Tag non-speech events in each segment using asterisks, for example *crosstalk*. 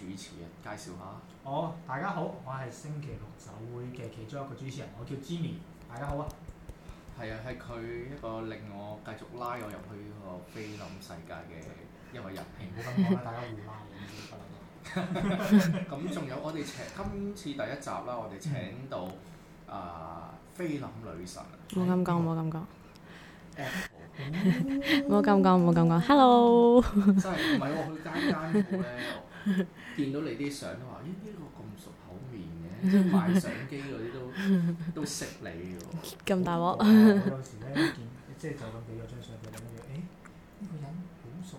主持啊，介紹下。哦，oh，大家好，我係星期六酒會嘅其中一個主持人，我叫 Jimmy，大家好啊。係啊，係佢一個令我繼續拉我入去呢個菲林世界嘅一位人。唔好咁講啦， *laughs* 大家會拉嘅。咁 *laughs* 仲 *laughs* 有我哋請今次第一集啦，我哋請到啊菲、呃、林女神。唔好咁講，唔好咁講。誒，唔好咁講，唔好咁講。Hello。 *laughs* 真係唔係我去街上街嘅。見到你啲相都話：咦、欸，呢個咁熟口面嘅、啊，即係賣相機嗰啲都都識你嘅喎。咁大鑊。有 *noise* 時咧見，即係就咁俾咗張相俾你咁樣，誒，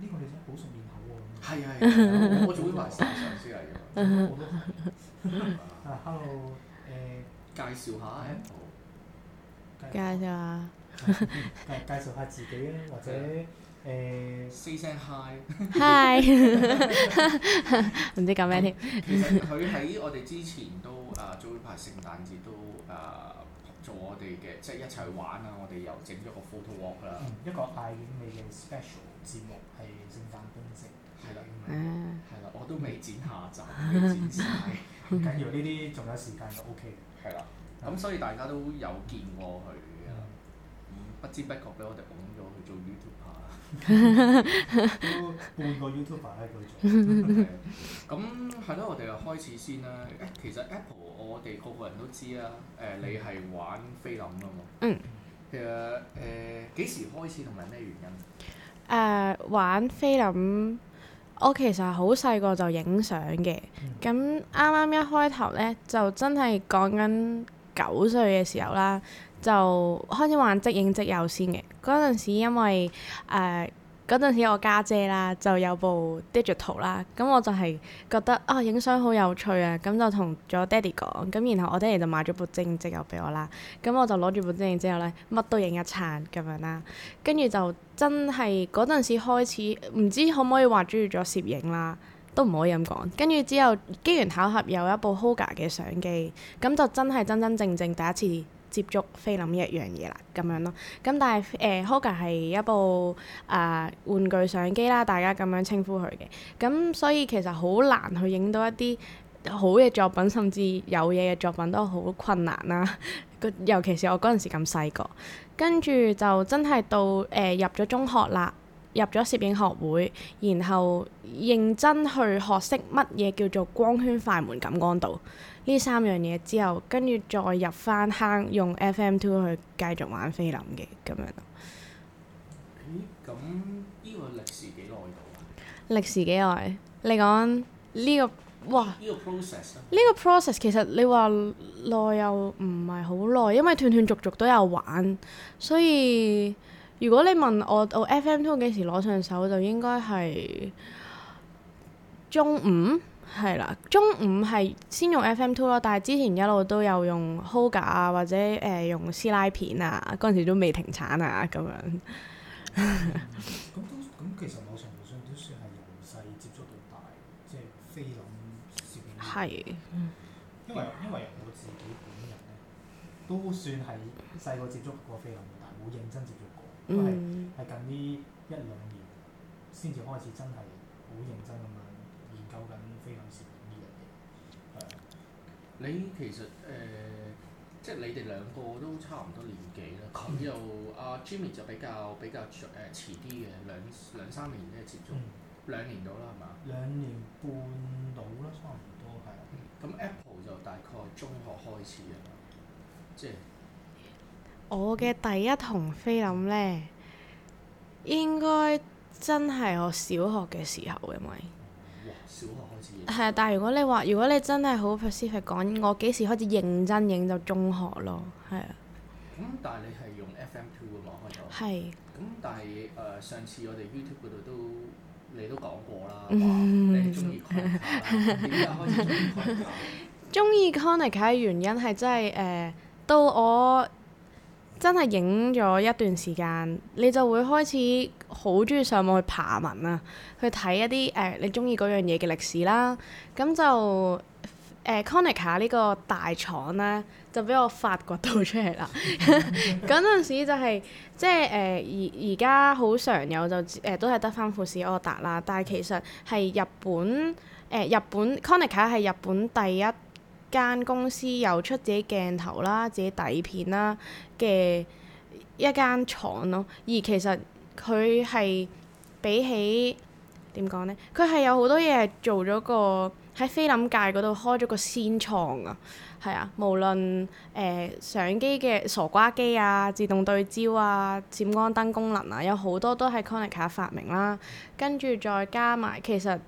呢個人好熟喎，或者呢個女仔好熟面口喎，啊，係我仲會話晒相先嚟嘅。我都，啊，hello，介紹下 Apple。介紹下，介紹下自己啊，或者、啊。誒 say 聲 hi，hi 唔知講咩添？其實佢喺我哋之前都誒做排聖誕節都啊做我哋嘅，即係一齊玩啊！我哋又整咗個 photo walk 啦，一個大型嘅 special 節目係聖誕公仔，係啦，係啦，我都未剪下集，未剪曬，唔緊要，呢啲仲有時間都 O K 嘅，係啦。咁所以大家都有見過佢嘅，不知不覺咧，我哋捧咗去做 *laughs* 都半個 YouTuber 喺佢做，咁係咯，我哋又開始先啦。其實 Apple 我哋個個人都知啦，誒， *music* 你係玩菲林噶嘛？嗯。其實誒幾時開始同埋咩原因？誒玩菲林，我其實好細個就影相嘅。咁啱啱一開頭咧，就真係講緊九歲嘅時候啦，就開始玩即影即有先嘅。嗰陣時因為誒嗰陣時我家姐，姐啦就有部 digital 啦，咁我就係覺得啊影相好有趣啊，咁就同咗爹哋講，咁然後我爹哋就買咗部正直油俾我啦，咁我就攞住部正直之後咧乜都影一餐咁樣啦，跟住就真係嗰陣時開始唔知可唔可以話中意咗攝影啦，都唔可以咁講，跟住之後機緣巧合有一部 Holga 嘅相機，咁就真係真真正，正正第一次。接觸菲林一樣嘢啦，咁樣咯。咁但係誒、呃、Holga 係一部啊、呃、玩具相機啦，大家咁樣稱呼佢嘅。咁、呃、所以其實好難去影到一啲好嘅作品，甚至有嘢嘅作品都好困難啦、啊。尤其是我嗰陣時咁細個，跟住就真係到誒、呃、入咗中學啦，入咗攝影學會，然後認真去學識乜嘢叫做光圈、快門、感光度。呢三樣嘢之後，跟住再入翻坑用 F M Two 去繼續玩菲林嘅咁樣。咦？咁呢、這個歷史幾耐到啊？歷史幾耐？你講呢個哇？呢個 process？呢個 process 其實你話耐又唔係好耐，因為斷斷續續都有玩。所以如果你問我我 F M Two 幾時攞上手，就應該係中午。係啦，中五係先用 FM Two 咯，但係之前一路都有用 Hoga 啊，或者誒、呃、用撕拉片啊，嗰陣時都未停產啊，咁樣、嗯。咁、 *laughs* 嗯、其實某程度上都算係由細接觸到大，即係菲林攝影。係的。嗯、因為因為我自己本人咧，都算係細個接觸過菲林，但係冇認真接觸過，都係係近呢一兩年先至開始真係好認真咁樣研究緊。你其實誒、呃，即係你哋兩個都差唔多年紀啦。佢又阿 Jimmy 就比較比較誒、呃、遲啲嘅，兩兩三年先接觸，嗯、兩年到啦，係嘛？兩年半到啦，差唔多係。咁、嗯、Apple 就大概中學開始啊，即係。我嘅第一筒菲林咧，應該真係我小學嘅時候，因為。哇！小學。係啊，但係如果你話，如果你真係好 specific 講，我幾時開始認真影就中學咯，係啊。咁、嗯、但係你係用 FM Two 啊嘛開咗。係。咁的但係誒、呃，上次我哋 YouTube 嗰度都你都講過啦，話你中意 Konica，你而家開始中意 Konica。中意 Konica 佢嘅原因係真係誒，到我真係影咗一段時間，你就會開始，好中意上網去爬文啊，去睇一啲誒、呃、你中意嗰樣嘢嘅歷史啦。咁就誒、呃、Konica 呢個大廠咧，就俾我發掘到出嚟啦。嗰陣 *laughs* *laughs* 時就係、是、即係誒，而而家好常有就誒、呃，都係得翻富士、柯達啦。但係其實係日本誒、呃，日本 Konica 係日本第一間公司有出自己鏡頭啦、自己底片啦嘅一間廠咯。而其實佢係比起點講咧？佢係有好多嘢係做咗個喺菲林界嗰度開咗個先創啊！係啊，無論誒、呃、相機嘅傻瓜機啊、自動對焦啊、閃光燈功能啊，有好多都係 Konica 發明啦。跟住再加埋，其實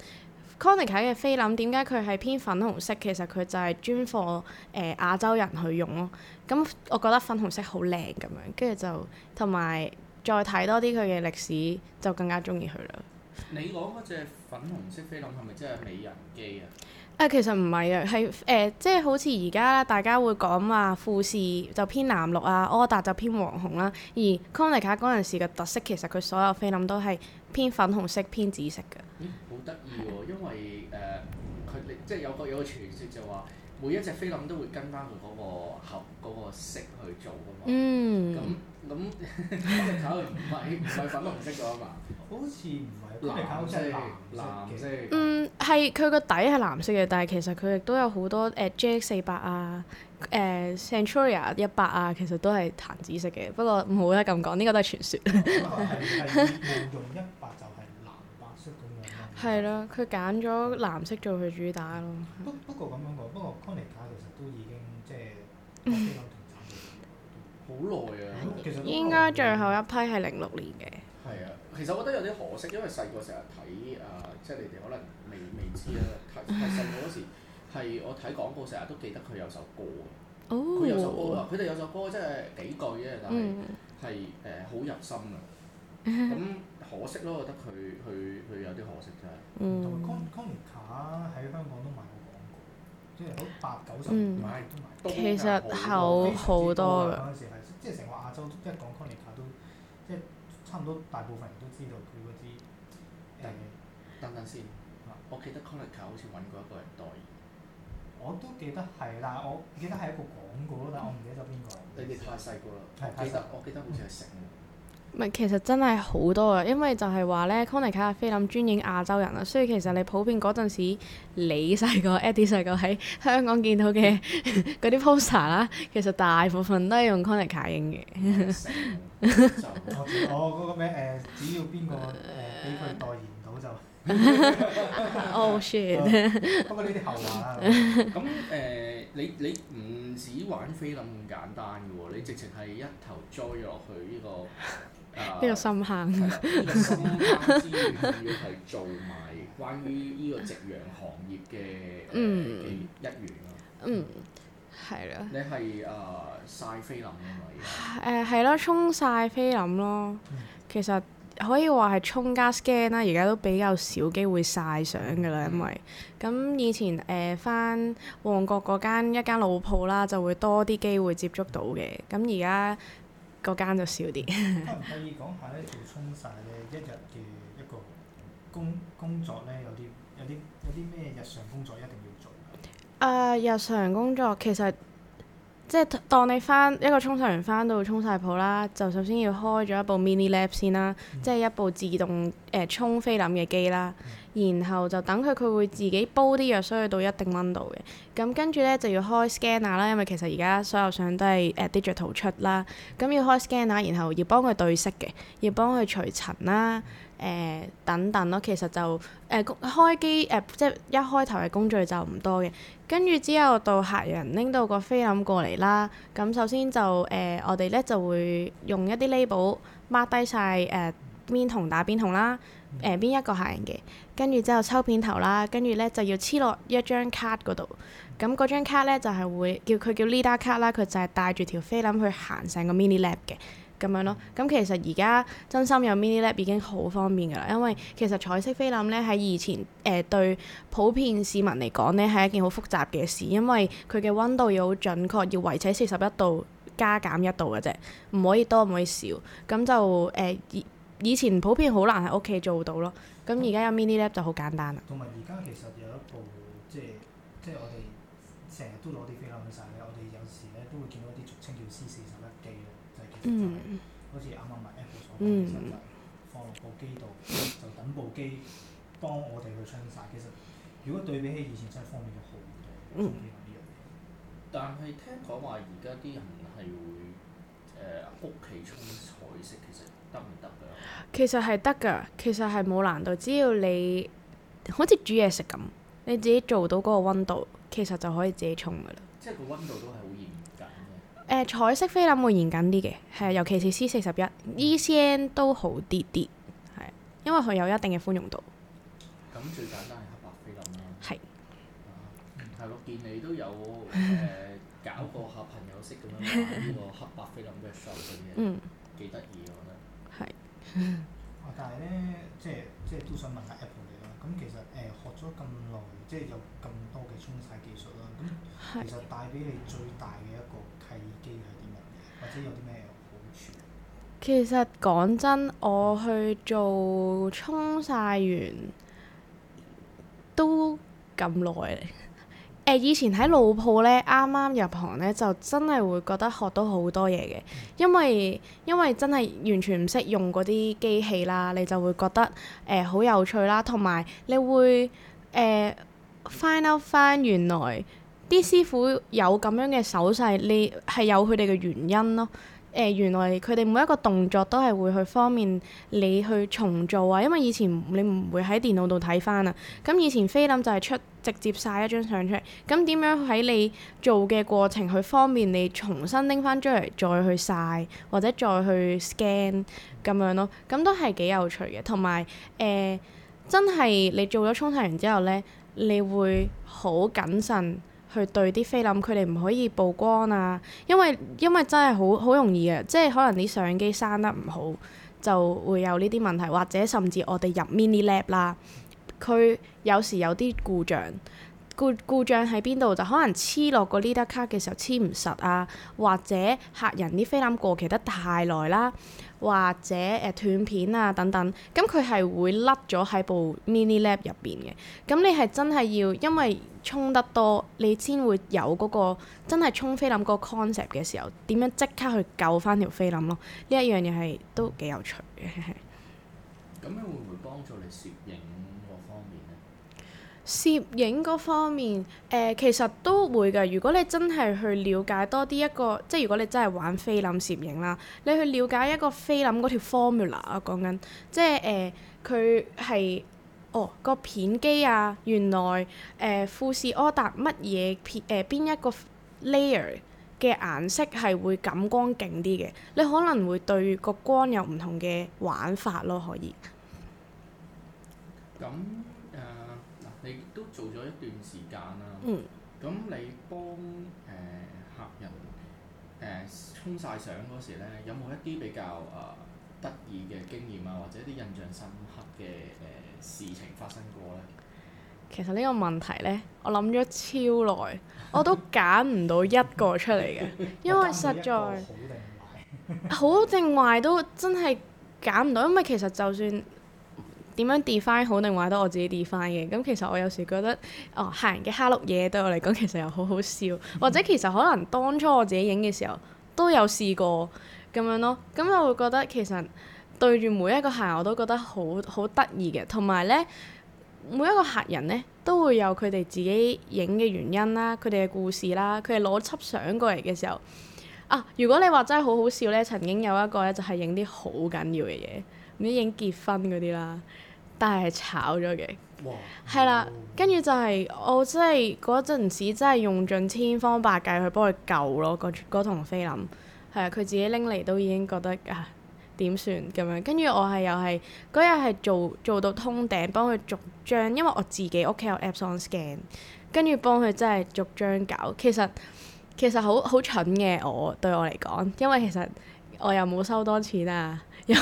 Konica 嘅菲林點解佢係偏粉紅色？其實佢就係專放誒、呃、亞洲人去用咯、啊。咁我覺得粉紅色好靚咁樣，跟住就同埋。再睇多啲佢嘅歷史，就更加中意佢啦。你講嗰隻粉紅色菲林係咪真係美人機啊？誒、呃，其實唔係啊，係誒、呃，即係好似而家啦，大家會講話富士就偏藍綠啊，柯達就偏黃紅啦、啊，而康寧卡嗰陣時嘅特色其實佢所有菲林都係偏粉紅色、偏紫色嘅。好得意喎，哦、的因為誒，佢、呃、即係有個有個傳説就話，每一隻菲林都會跟翻佢嗰個盒、那個、色去做㗎嘛。嗯。咁隻唔係唔係粉紅色噶嘛？好似唔係。藍色，藍色。嗯，係佢個底係藍色嘅，色但係其實佢亦都有好多誒 JX 四百啊，誒 Centuria 一百啊，其實都係淡紫色嘅。不過唔好得咁講，呢、呢個都係傳説，啊。用一百就係藍白色噉樣。係咯， *laughs* 佢揀咗藍色做佢主打咯。不不過咁樣講，不過 Konica 其實都已經即係。呃呃呃 *laughs* 好耐啊，應該最後一批係零六年嘅。係啊，其實我覺得有啲可惜，因為細個成日睇啊，即係你哋可能未未知啊。細細個嗰時係我睇廣告，成日都記得佢有首歌嘅。哦。佢有首歌啦，佢哋有首歌，真係幾句啫，但係係誒好入心啊。咁可惜咯，我覺得佢佢佢有啲可惜真係。同埋 Konica 喺香港都賣過廣告，即係好八九十賣都賣到。其實好好多即係成個亞洲，即係講 Konica 都，即係差唔多大部分人都知道佢嗰支誒。呃、等陣先。啊！我記得 Konica 好似揾過一個人代言。我都記得係，但係我記得係一個廣告，嗯、但係我唔記得咗邊個。你哋太細個啦。係記得，我記得好似細。嗯唔係，其實真係好多啊！因為就係話咧，Conny 卡亞菲林專影亞洲人啊，所以其實你普遍嗰陣時，你細個、Eddie 細個喺香港見到嘅嗰啲 poster 啦，其實大部分都係用 Conny 卡影嘅。哦、啊，嗰個咩誒、 *laughs* 啊那個？只要邊個誒俾佢代言到就。 *laughs* *laughs* oh shit！、啊、不過呢啲後話啊。咁誒、 *laughs* 呃，你你唔止玩菲林咁簡單嘅喎，你直情係一頭栽落去呢個。呢個深坑，呢要係做埋關於呢個夕陽行業嘅嘅一員，嗯，係啦。你係啊曬菲林啊嘛？依家係咯，沖曬菲林咯。其實可以話係沖加 scan 啦。而家都比較少機會曬相噶啦，因為咁以前誒翻旺角嗰間一間老鋪啦，就會多啲機會接觸到嘅。咁而家嗰間就少啲。可唔可以講下咧，做沖曬咧，一日嘅一個工工作咧，有啲有啲有啲咩日常工作一定要做。啊、呃，日常工作其實。即係當你翻一個沖洗員翻到沖晒鋪啦，就首先要開咗一部 mini lab 先啦，嗯、即係一部自動誒、呃、沖菲林嘅機啦，然後就等佢佢會自己煲啲藥水去到一定溫度嘅，咁跟住咧就要開 scanner 啦，因為其實而家所有相都係、呃、digital 出啦，咁、嗯、要開 scanner，然後要幫佢對色嘅，要幫佢除塵啦。誒、呃、等等咯，其實就誒、呃、開機誒、呃，即係一開頭嘅工序就唔多嘅。跟住之後到客人拎到個菲林過嚟啦，咁首先就誒、呃，我哋咧就會用一啲 label mark 低晒誒邊同打邊同啦，誒、呃、邊一個客人嘅。跟住之後抽片頭啦，跟住咧就要黐落一張卡嗰度。咁嗰張卡咧就係、是、會叫佢叫 leader 卡啦，佢就係帶住條菲林去行成個 mini lab 嘅。咁樣咯，咁其實而家真心有 mini lab 已經好方便噶啦，因為其實彩色菲林呢，喺以前誒、呃、對普遍市民嚟講呢，係一件好複雜嘅事，因為佢嘅温度要好準確，要維持喺四十一度加減一度嘅啫，唔可以多唔可以少，咁就誒、呃、以前普遍好難喺屋企做到咯，咁而家有 mini lab 就好簡單啦。同埋而家其實有一部即係即係我哋成日都攞啲菲林。嗯，好似啱啱 Apple 所講嘅，實際放落部機度就等部機幫我哋去沖曬。其實如果對比起以前真係方便好多嘅。嗯。但係聽講話而家啲人係會誒屋企沖彩色，其實得唔得㗎？其實係得㗎，其實係冇難度，只要你好似煮嘢食咁，你自己做到嗰個温度，其實就可以自己沖㗎啦。即係個温度都係好嚴。誒、呃、彩色菲林會嚴謹啲嘅，係尤其是 C 四十一，ECN 都好啲啲，係因為佢有一定嘅寬容度。咁、嗯、最簡單係黑白菲林啦。係是。係咯、嗯，見你都有誒、呃、搞過下朋友式咁樣玩呢個黑白菲林嘅手嘅嘢， *laughs* 嗯，幾得意啊！我覺得。係。但係咧，即係即係都想問，問下 Apple 你啦。咁其實誒、呃、學咗咁耐，即係有咁多嘅沖洗技術啦。咁其實帶俾你最大嘅一個。其實講真，我去做沖曬員都咁耐、 *laughs* 呃。以前喺老鋪呢，啱啱入行呢，就真係會覺得學到好多嘢嘅、嗯，因為因為真係完全唔識用嗰啲機器啦，你就會覺得誒好、呃、有趣啦，同埋你會誒 find out 翻翻翻原來，啲師傅有咁樣嘅手勢，你係有佢哋嘅原因咯。誒、呃，原來佢哋每一個動作都係會去方便你去重做啊，因為以前你唔會喺電腦度睇翻啊。咁以前菲林、um、就係出直接晒一張相出嚟，咁點樣喺你做嘅過程去方便你重新拎翻出嚟再去晒，或者再去 scan 咁樣咯。咁都係幾有趣嘅，同埋誒真係你做咗沖洗完之後咧，你會好謹慎。佢對啲菲林，佢哋唔可以曝光啊，因為因為真係好好容易啊。即係可能啲相機閂得唔好就會有呢啲問題，或者甚至我哋入 mini lab 啦，佢有時有啲故障。故故障喺邊度就可能黐落個 leader card 嘅時候黐唔實啊，或者客人啲菲林過期得太耐啦、啊，或者誒、呃、斷片啊等等，咁佢係會甩咗喺部 mini lab 入邊嘅。咁、嗯、你係真係要因為沖得多，你先會有嗰個真係沖菲林嗰個 concept 嘅時候，點樣即刻去救翻條菲林咯。呢一樣嘢係都幾有趣嘅。咁 *laughs* 樣會唔會幫助你攝影？攝影嗰方面，誒、呃、其實都會㗎。如果你真係去了解多啲一個，即係如果你真係玩菲林攝影啦，你去了解一個菲林嗰條 formula 啊，講緊，即係誒佢係哦個片機啊，原來誒、呃、富士、柯達乜嘢片誒邊一個 layer 嘅顏色係會感光勁啲嘅，你可能會對個光有唔同嘅玩法咯，可以。咁。做咗一段時間啦，嗯，咁你幫誒、呃、客人誒沖曬相嗰時呢，有冇一啲比較啊得意嘅經驗啊，或者啲印象深刻嘅誒、呃、事情發生過呢？其實呢個問題呢，我諗咗超耐，我都揀唔到一個出嚟嘅， *laughs* 因為實在 *laughs* 好定壞都真係揀唔到，因為其實就算。點樣 define 好定壞都我自己 define 嘅？咁其實我有時覺得，哦，客人嘅哈六嘢對我嚟講其實又好好笑，或者其實可能當初我自己影嘅時候都有試過咁樣咯。咁我會覺得其實對住每一個客人我都覺得好好得意嘅，同埋咧每一個客人咧都會有佢哋自己影嘅原因啦，佢哋嘅故事啦，佢哋攞輯相過嚟嘅時候啊，如果你話真係好好笑咧，曾經有一個咧就係影啲好緊要嘅嘢，唔知影結婚嗰啲啦。真係炒咗嘅，係啦，跟住就係、是、我真係嗰陣時真係用盡千方百計去幫佢救咯，嗰嗰筒菲林係啊，佢自己拎嚟都已經覺得啊點算咁樣，跟住我係又係嗰日係做做到通頂，幫佢逐張，因為我自己屋企有 Epson Scan，跟住幫佢真係逐張搞，其實其實好好蠢嘅我對我嚟講，因為其實我又冇收多錢啊。 *laughs* 又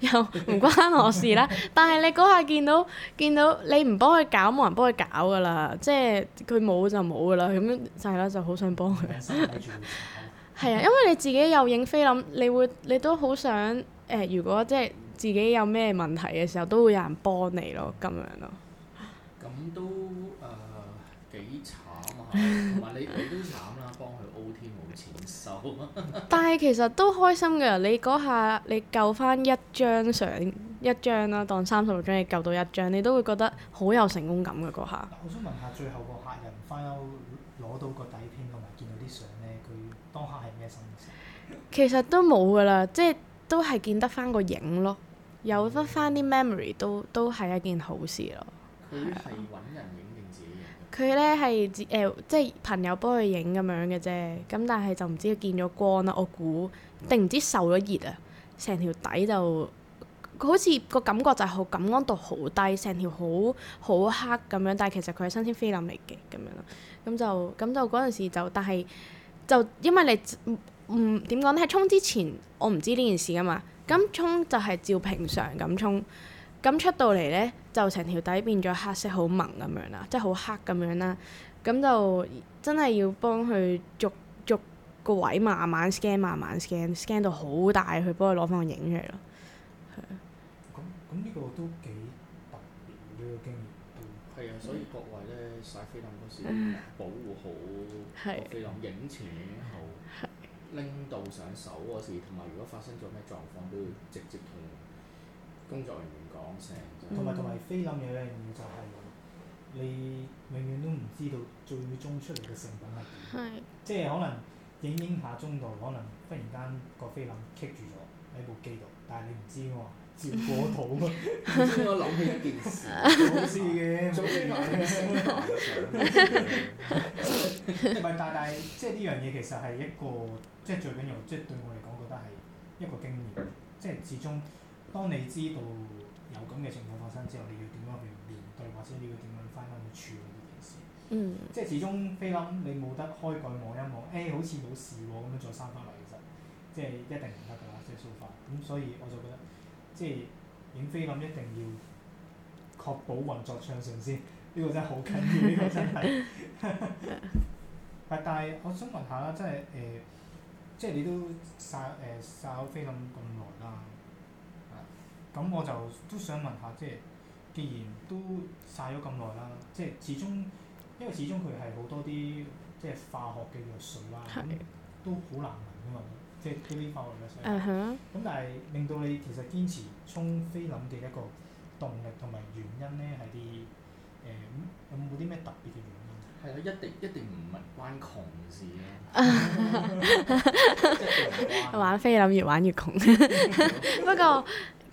又唔 *laughs* 關我事啦，但係你嗰下見到見到你唔幫佢搞，冇人幫佢搞㗎啦，即係佢冇就冇㗎啦，咁樣就係啦，就好想幫佢。係啊， *laughs* 因為你自己有影菲林，你會你都好想誒、呃，如果即係自己有咩問題嘅時候，都會有人幫你咯，咁樣咯。咁都誒幾慘啊！但係其實都開心嘅，你嗰下你救翻一張相一張啦，當三十六張你救到一張，你都會覺得好有成功感嘅嗰下。我想問下最後個客人返屋攞到個底片同埋見到啲相咧，佢當下係咩心情？其實都冇噶啦，即係都係見得翻個影咯，有得翻啲 memory 都都係一件好事咯。係啊。佢咧係誒即係朋友幫佢影咁樣嘅啫，咁但係就唔知佢見咗光啦，我估定唔知受咗熱啊，成條底就好似個感覺就係好感光度好低，成條好好黑咁樣，但係其實佢係新鮮菲林嚟嘅咁樣咯，咁就咁就嗰陣時就，但係就因為你唔唔點講咧，喺、嗯、沖之前我唔知呢件事噶嘛，咁沖就係照平常咁沖，咁出到嚟咧。就成條底變咗黑色，好濛咁樣啦，即係好黑咁樣啦。咁就真係要幫佢逐逐個位慢慢 scan，慢慢 scan，scan 到好大去幫佢攞翻個影出嚟咯。係啊。咁咁呢個都幾特別呢個經驗。係、嗯、啊，所以各位咧洗菲林嗰時保護好個菲林，影前影後拎到上手嗰時，同埋是如果發生咗咩狀況、嗯、都要直接同。工作人員講成，同埋同埋菲林嘢咧，就係你永遠都唔知道最終出嚟嘅成品係點。係。即係可能影影下中度，可能忽然間個菲林棘住咗喺部機度，但係你唔知喎，接過濾啊！我諗起一件事，好事嘅。做菲林嘅香港人，唔係大大，即係呢樣嘢其實係一個，即係最緊要，即係對我嚟講覺得係一個經驗，即係始終。當你知道有咁嘅情況發生之後，你要點樣去面對，或者你要點樣翻返去處理呢件事？嗯、即係始終菲林，你冇得開蓋望一望，誒、哎、好似冇事喎，咁樣再閂翻嚟，其實即係一定唔得㗎啦，即係 so far。咁所以我就覺得，即係影菲林一定要確保運作暢順先，呢 *laughs* 個真係好緊要，呢 *laughs* 個真係。 *laughs* *laughs* 但係我想問下啦，即係誒、呃，即係你都曬誒曬開菲林咁耐啦。呃咁我就都想問下，即係既然都晒咗咁耐啦，即係始終，因為始終佢係好多啲即係化學嘅藥水啦，都好難聞噶嘛，即係 p v 化學嘅藥水。嗯咁、就是 uh huh. 但係令到你其實堅持沖菲林嘅一個動力同埋原因咧，係啲誒有冇啲咩特別嘅原因？係啊他，一定一定唔係關窮事啊！玩菲林越玩越窮，不過。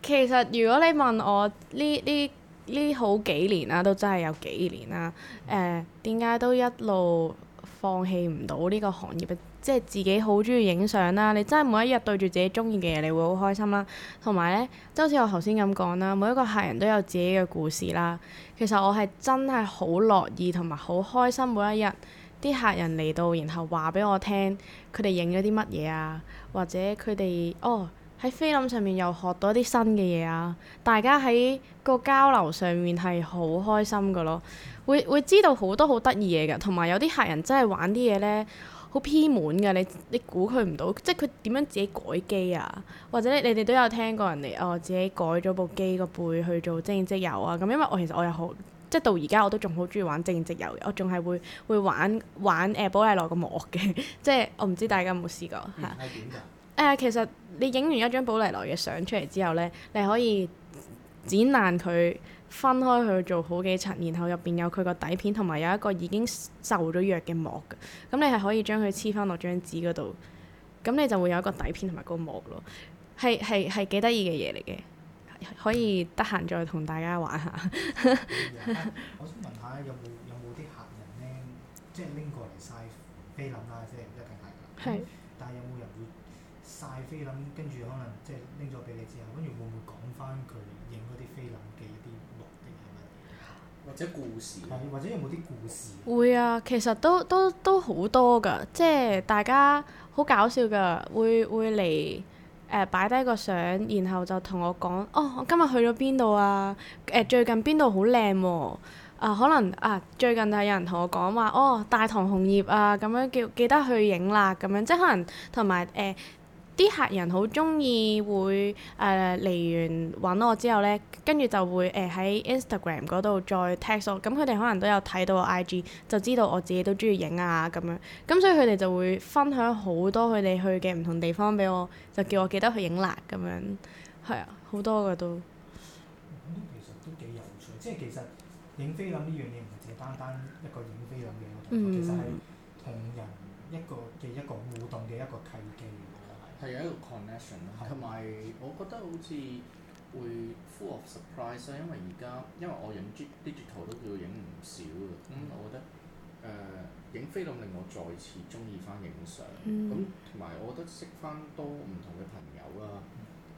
其實如果你問我呢呢呢好幾年啦，都真係有幾年啦。誒點解都一路放棄唔到呢個行業？即係自己好中意影相啦。你真係每一日對住自己中意嘅嘢，你會好開心啦。同埋咧，就好似我頭先咁講啦，每一個客人都有自己嘅故事啦。其實我係真係好樂意同埋好開心每一日啲客人嚟到，然後話俾我聽佢哋影咗啲乜嘢啊，或者佢哋哦。喺菲林上面又學到一啲新嘅嘢啊！大家喺個交流上面係好開心嘅咯，會會知道好多好得意嘢嘅，同埋有啲客人真係玩啲嘢呢，好偏門嘅，你你估佢唔到，即係佢點樣自己改機啊？或者你哋都有聽過人哋哦自己改咗部機個背去做正直遊啊！咁因為我其實我又好，即係到而家我都仲好中意玩正直遊，我仲係會會玩玩誒寶、呃、麗來個膜嘅，即係我唔知大家有冇試過嚇？誒，其實。你影完一張寶麗來嘅相出嚟之後呢，你可以剪爛佢，分開佢做好幾層，然後入邊有佢個底片同埋有一個已經受咗藥嘅膜嘅，咁你係可以將佢黐翻落張紙嗰度，咁你就會有一個底片同埋個膜咯，係係係幾得意嘅嘢嚟嘅，可以得閒再同大家玩下。 *laughs* 我想問下有冇有冇啲客人咧，即係拎過嚟晒菲林啦，即係一定係，的但係有冇人會？晒菲林，跟住可能即係拎咗俾你之後，跟住會唔會講翻佢影嗰啲菲林嘅一啲目的係乜嘢？或者故事，或者有冇啲故事？會啊，其實都都都好多㗎，即係大家好搞笑㗎，會會嚟誒擺低個相，然後就同我講：哦，我今日去咗邊度啊？誒、呃，最近邊度好靚喎？啊、呃，可能啊，最近係有人同我講話：哦，大唐紅葉啊，咁樣叫記得去影啦，咁樣即係可能同埋誒。啲客人好中意會誒嚟，呃、完揾我之後咧，跟住就會誒喺、呃、Instagram 度再 text 我。咁佢哋可能都有睇到我 IG，就知道我自己都中意影啊咁樣，咁所以佢哋就會分享好多佢哋去嘅唔同地方俾我，就叫我記得去影啦咁樣，係啊，好多嘅都。都、嗯嗯、其實都幾有趣，即係其實影菲林呢樣嘢，唔係單單一個影菲林嘅活動，嗯、其實係同人一個嘅一個互動嘅一個契機。係有一個 connection 咯，的，同埋我覺得好似會 full of surprise 的，因為而家因為我影啲 digital 都叫影唔少嘅，嗯嗯，我覺得誒影菲林令我再次中意翻影相，咁同埋我覺得識翻多唔同嘅朋友啦，啊，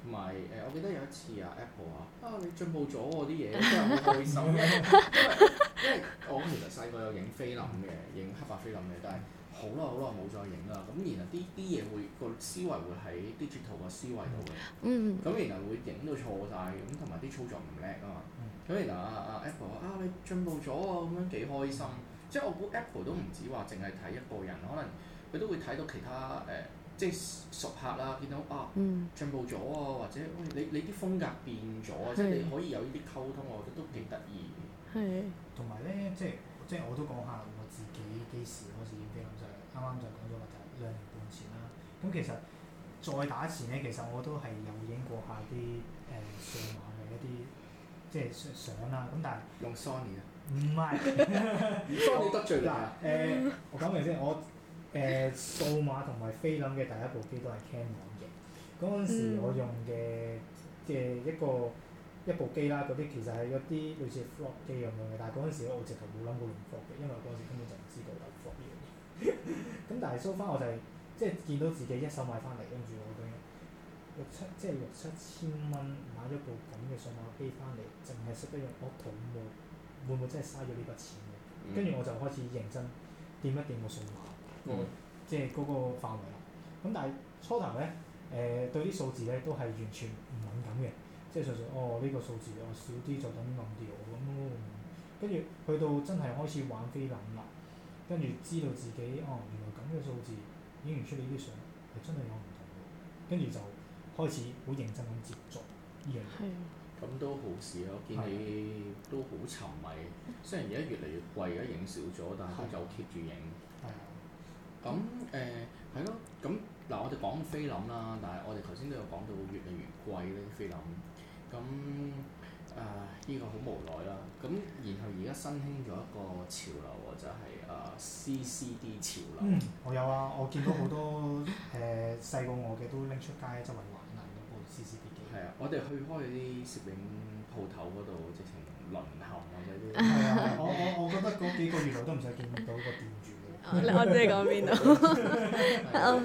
同埋誒我記得有一次啊 Apple 啊啊你進步咗我啲嘢，真係好開心 *laughs* *laughs* 因為因為我其實細個有影菲林嘅，影黑白菲林嘅，但係。好耐好耐冇再影啦，咁然後啲啲嘢會個思維會喺 Digital 嘅思維度嘅，嗯，咁然後會影到錯晒，咁同埋啲操作唔叻啊嘛，咁然後啊啊 Apple 啊你進步咗啊，咁樣幾開心，即係我估 Apple 都唔止話淨係睇一個人，可能佢都會睇到其他誒，即係熟客啦，見到啊進步咗啊，或者你你啲風格變咗，即係你可以有呢啲溝通，我覺得都幾得意嘅，係，同埋咧即係即係我都講下。自己幾時開始影菲林就係啱啱就講咗話就係兩年半前啦。咁其實再打前咧，其實我都係有影過下啲誒數碼嘅一啲即係相，相啦。咁但係用 Sony 啊？唔係，Sony 得罪你嗱誒？我講明先，我誒、呃、數碼同埋菲林嘅第一部機都係 Canon 嘅。嗰陣時我用嘅即係一個。一個一部機啦，嗰啲其實係一啲類似 Flo 機咁樣嘅，但係嗰陣時咧，我直頭冇諗過用 Flo 嘅，因為嗰陣時根本就唔知道有 Flo 嘢。咁 *laughs* 但係 so far 我就係、是、即係見到自己一手買翻嚟，跟住我覺得六七即係、就是、六七千蚊買一部咁嘅數碼機翻嚟，淨係識得用 auto，會唔會真係嘥咗呢筆錢嘅？跟住、mm hmm. 我就開始認真掂一掂個數碼即係嗰個範圍啦。咁但係初頭咧誒、呃、對啲數字咧都係完全唔敏感嘅。即係純粹哦，呢、呢個數字哦少啲，就等諗我咁。跟、嗯、住去到真係開始玩菲林啦，跟住知道自己哦原來咁嘅數字影唔出嚟呢啲相係真係有唔同嘅。跟住就開始好認真咁接觸呢樣。嘢咁都好事啊！我見你都好沉迷，啊、雖然而家越嚟越貴，而家影少咗，但係都有 keep 住影。係、啊。咁誒係咯，咁嗱、呃啊、我哋講菲林啦，但係我哋頭先都有講到越嚟越貴咧，菲林。咁誒依個好無奈啦，咁然後而家新興咗一個潮流就係誒、呃、CCD 潮流、嗯。我有啊，我見到好多誒細、呃、過我嘅都拎出街周圍玩啊，嗰、那個 CCD 機。嗯、啊，我哋去開啲攝影鋪頭度，直情臨行或者啲。係啊，我我我覺得嗰幾個月嚟都唔使見到個店主。 *laughs* 我知你講邊度？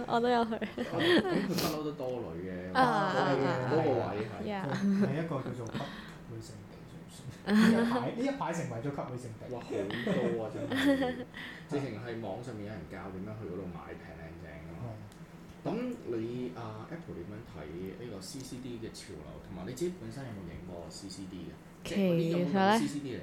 我都有去。佢不嬲都多女嘅。啊嗰、uh, uh, uh, 個位係係一個叫做吸女聖地，呢一排呢一排成為咗吸女聖地。 *laughs* 哇！好多啊，真係！直情係網上面有人教點樣去嗰度買平。咁、嗯、你啊 Apple 你點樣睇呢個 CCD 嘅潮流？同埋你自己本身有冇影過 CCD 嘅？即係嗰 CCD 嚟嘅？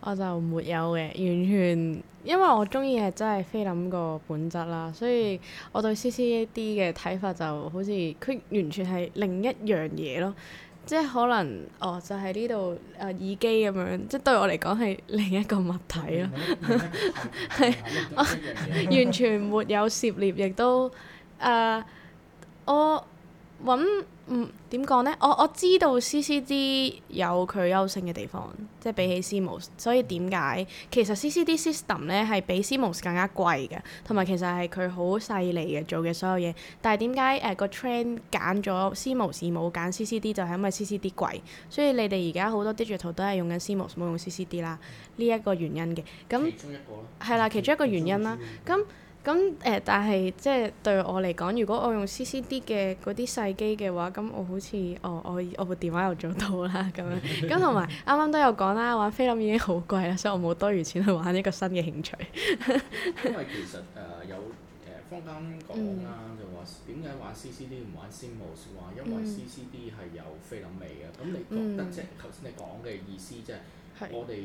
我就沒有嘅，完全因為我中意係真係菲林個本質啦，所以我對 CCD 嘅睇法就好似佢完全係另一樣嘢咯。即係可能哦，就係呢度誒耳機咁樣，即係對我嚟講係另一個物體咯。係，我完全沒有涉獵，亦 *laughs* 都。誒，uh, 我揾唔點講呢？我我知道 CCD 有佢優勝嘅地方，即係比起 CMOS 所以點解其實 CCD system 咧係比 CMOS 更加貴嘅，同埋其實係佢好細膩嘅做嘅所有嘢。但係點解誒個 train 揀咗 CMOS 冇揀 CCD 就係因為 CCD 貴。所以你哋而家好多 digital 都係用緊 CMOS 冇用 CCD 啦，呢、這、一個原因嘅。咁係啦，其中一個原因啦。咁咁誒、嗯，但係即係對我嚟講，如果我用 CCD 嘅嗰啲細機嘅話，咁我好似哦，我我部電話又做到啦咁樣。咁同埋啱啱都有講啦，玩菲林已經好貴啦，所以我冇多餘錢去玩呢個新嘅興趣。 *laughs* 因為其實誒、呃、有誒，坊間講啦，就話點解玩 CCD 唔玩 CMOS 話因為 CCD 係有菲林味嘅。咁你覺得、嗯、即係頭先你講嘅意思，即係的我哋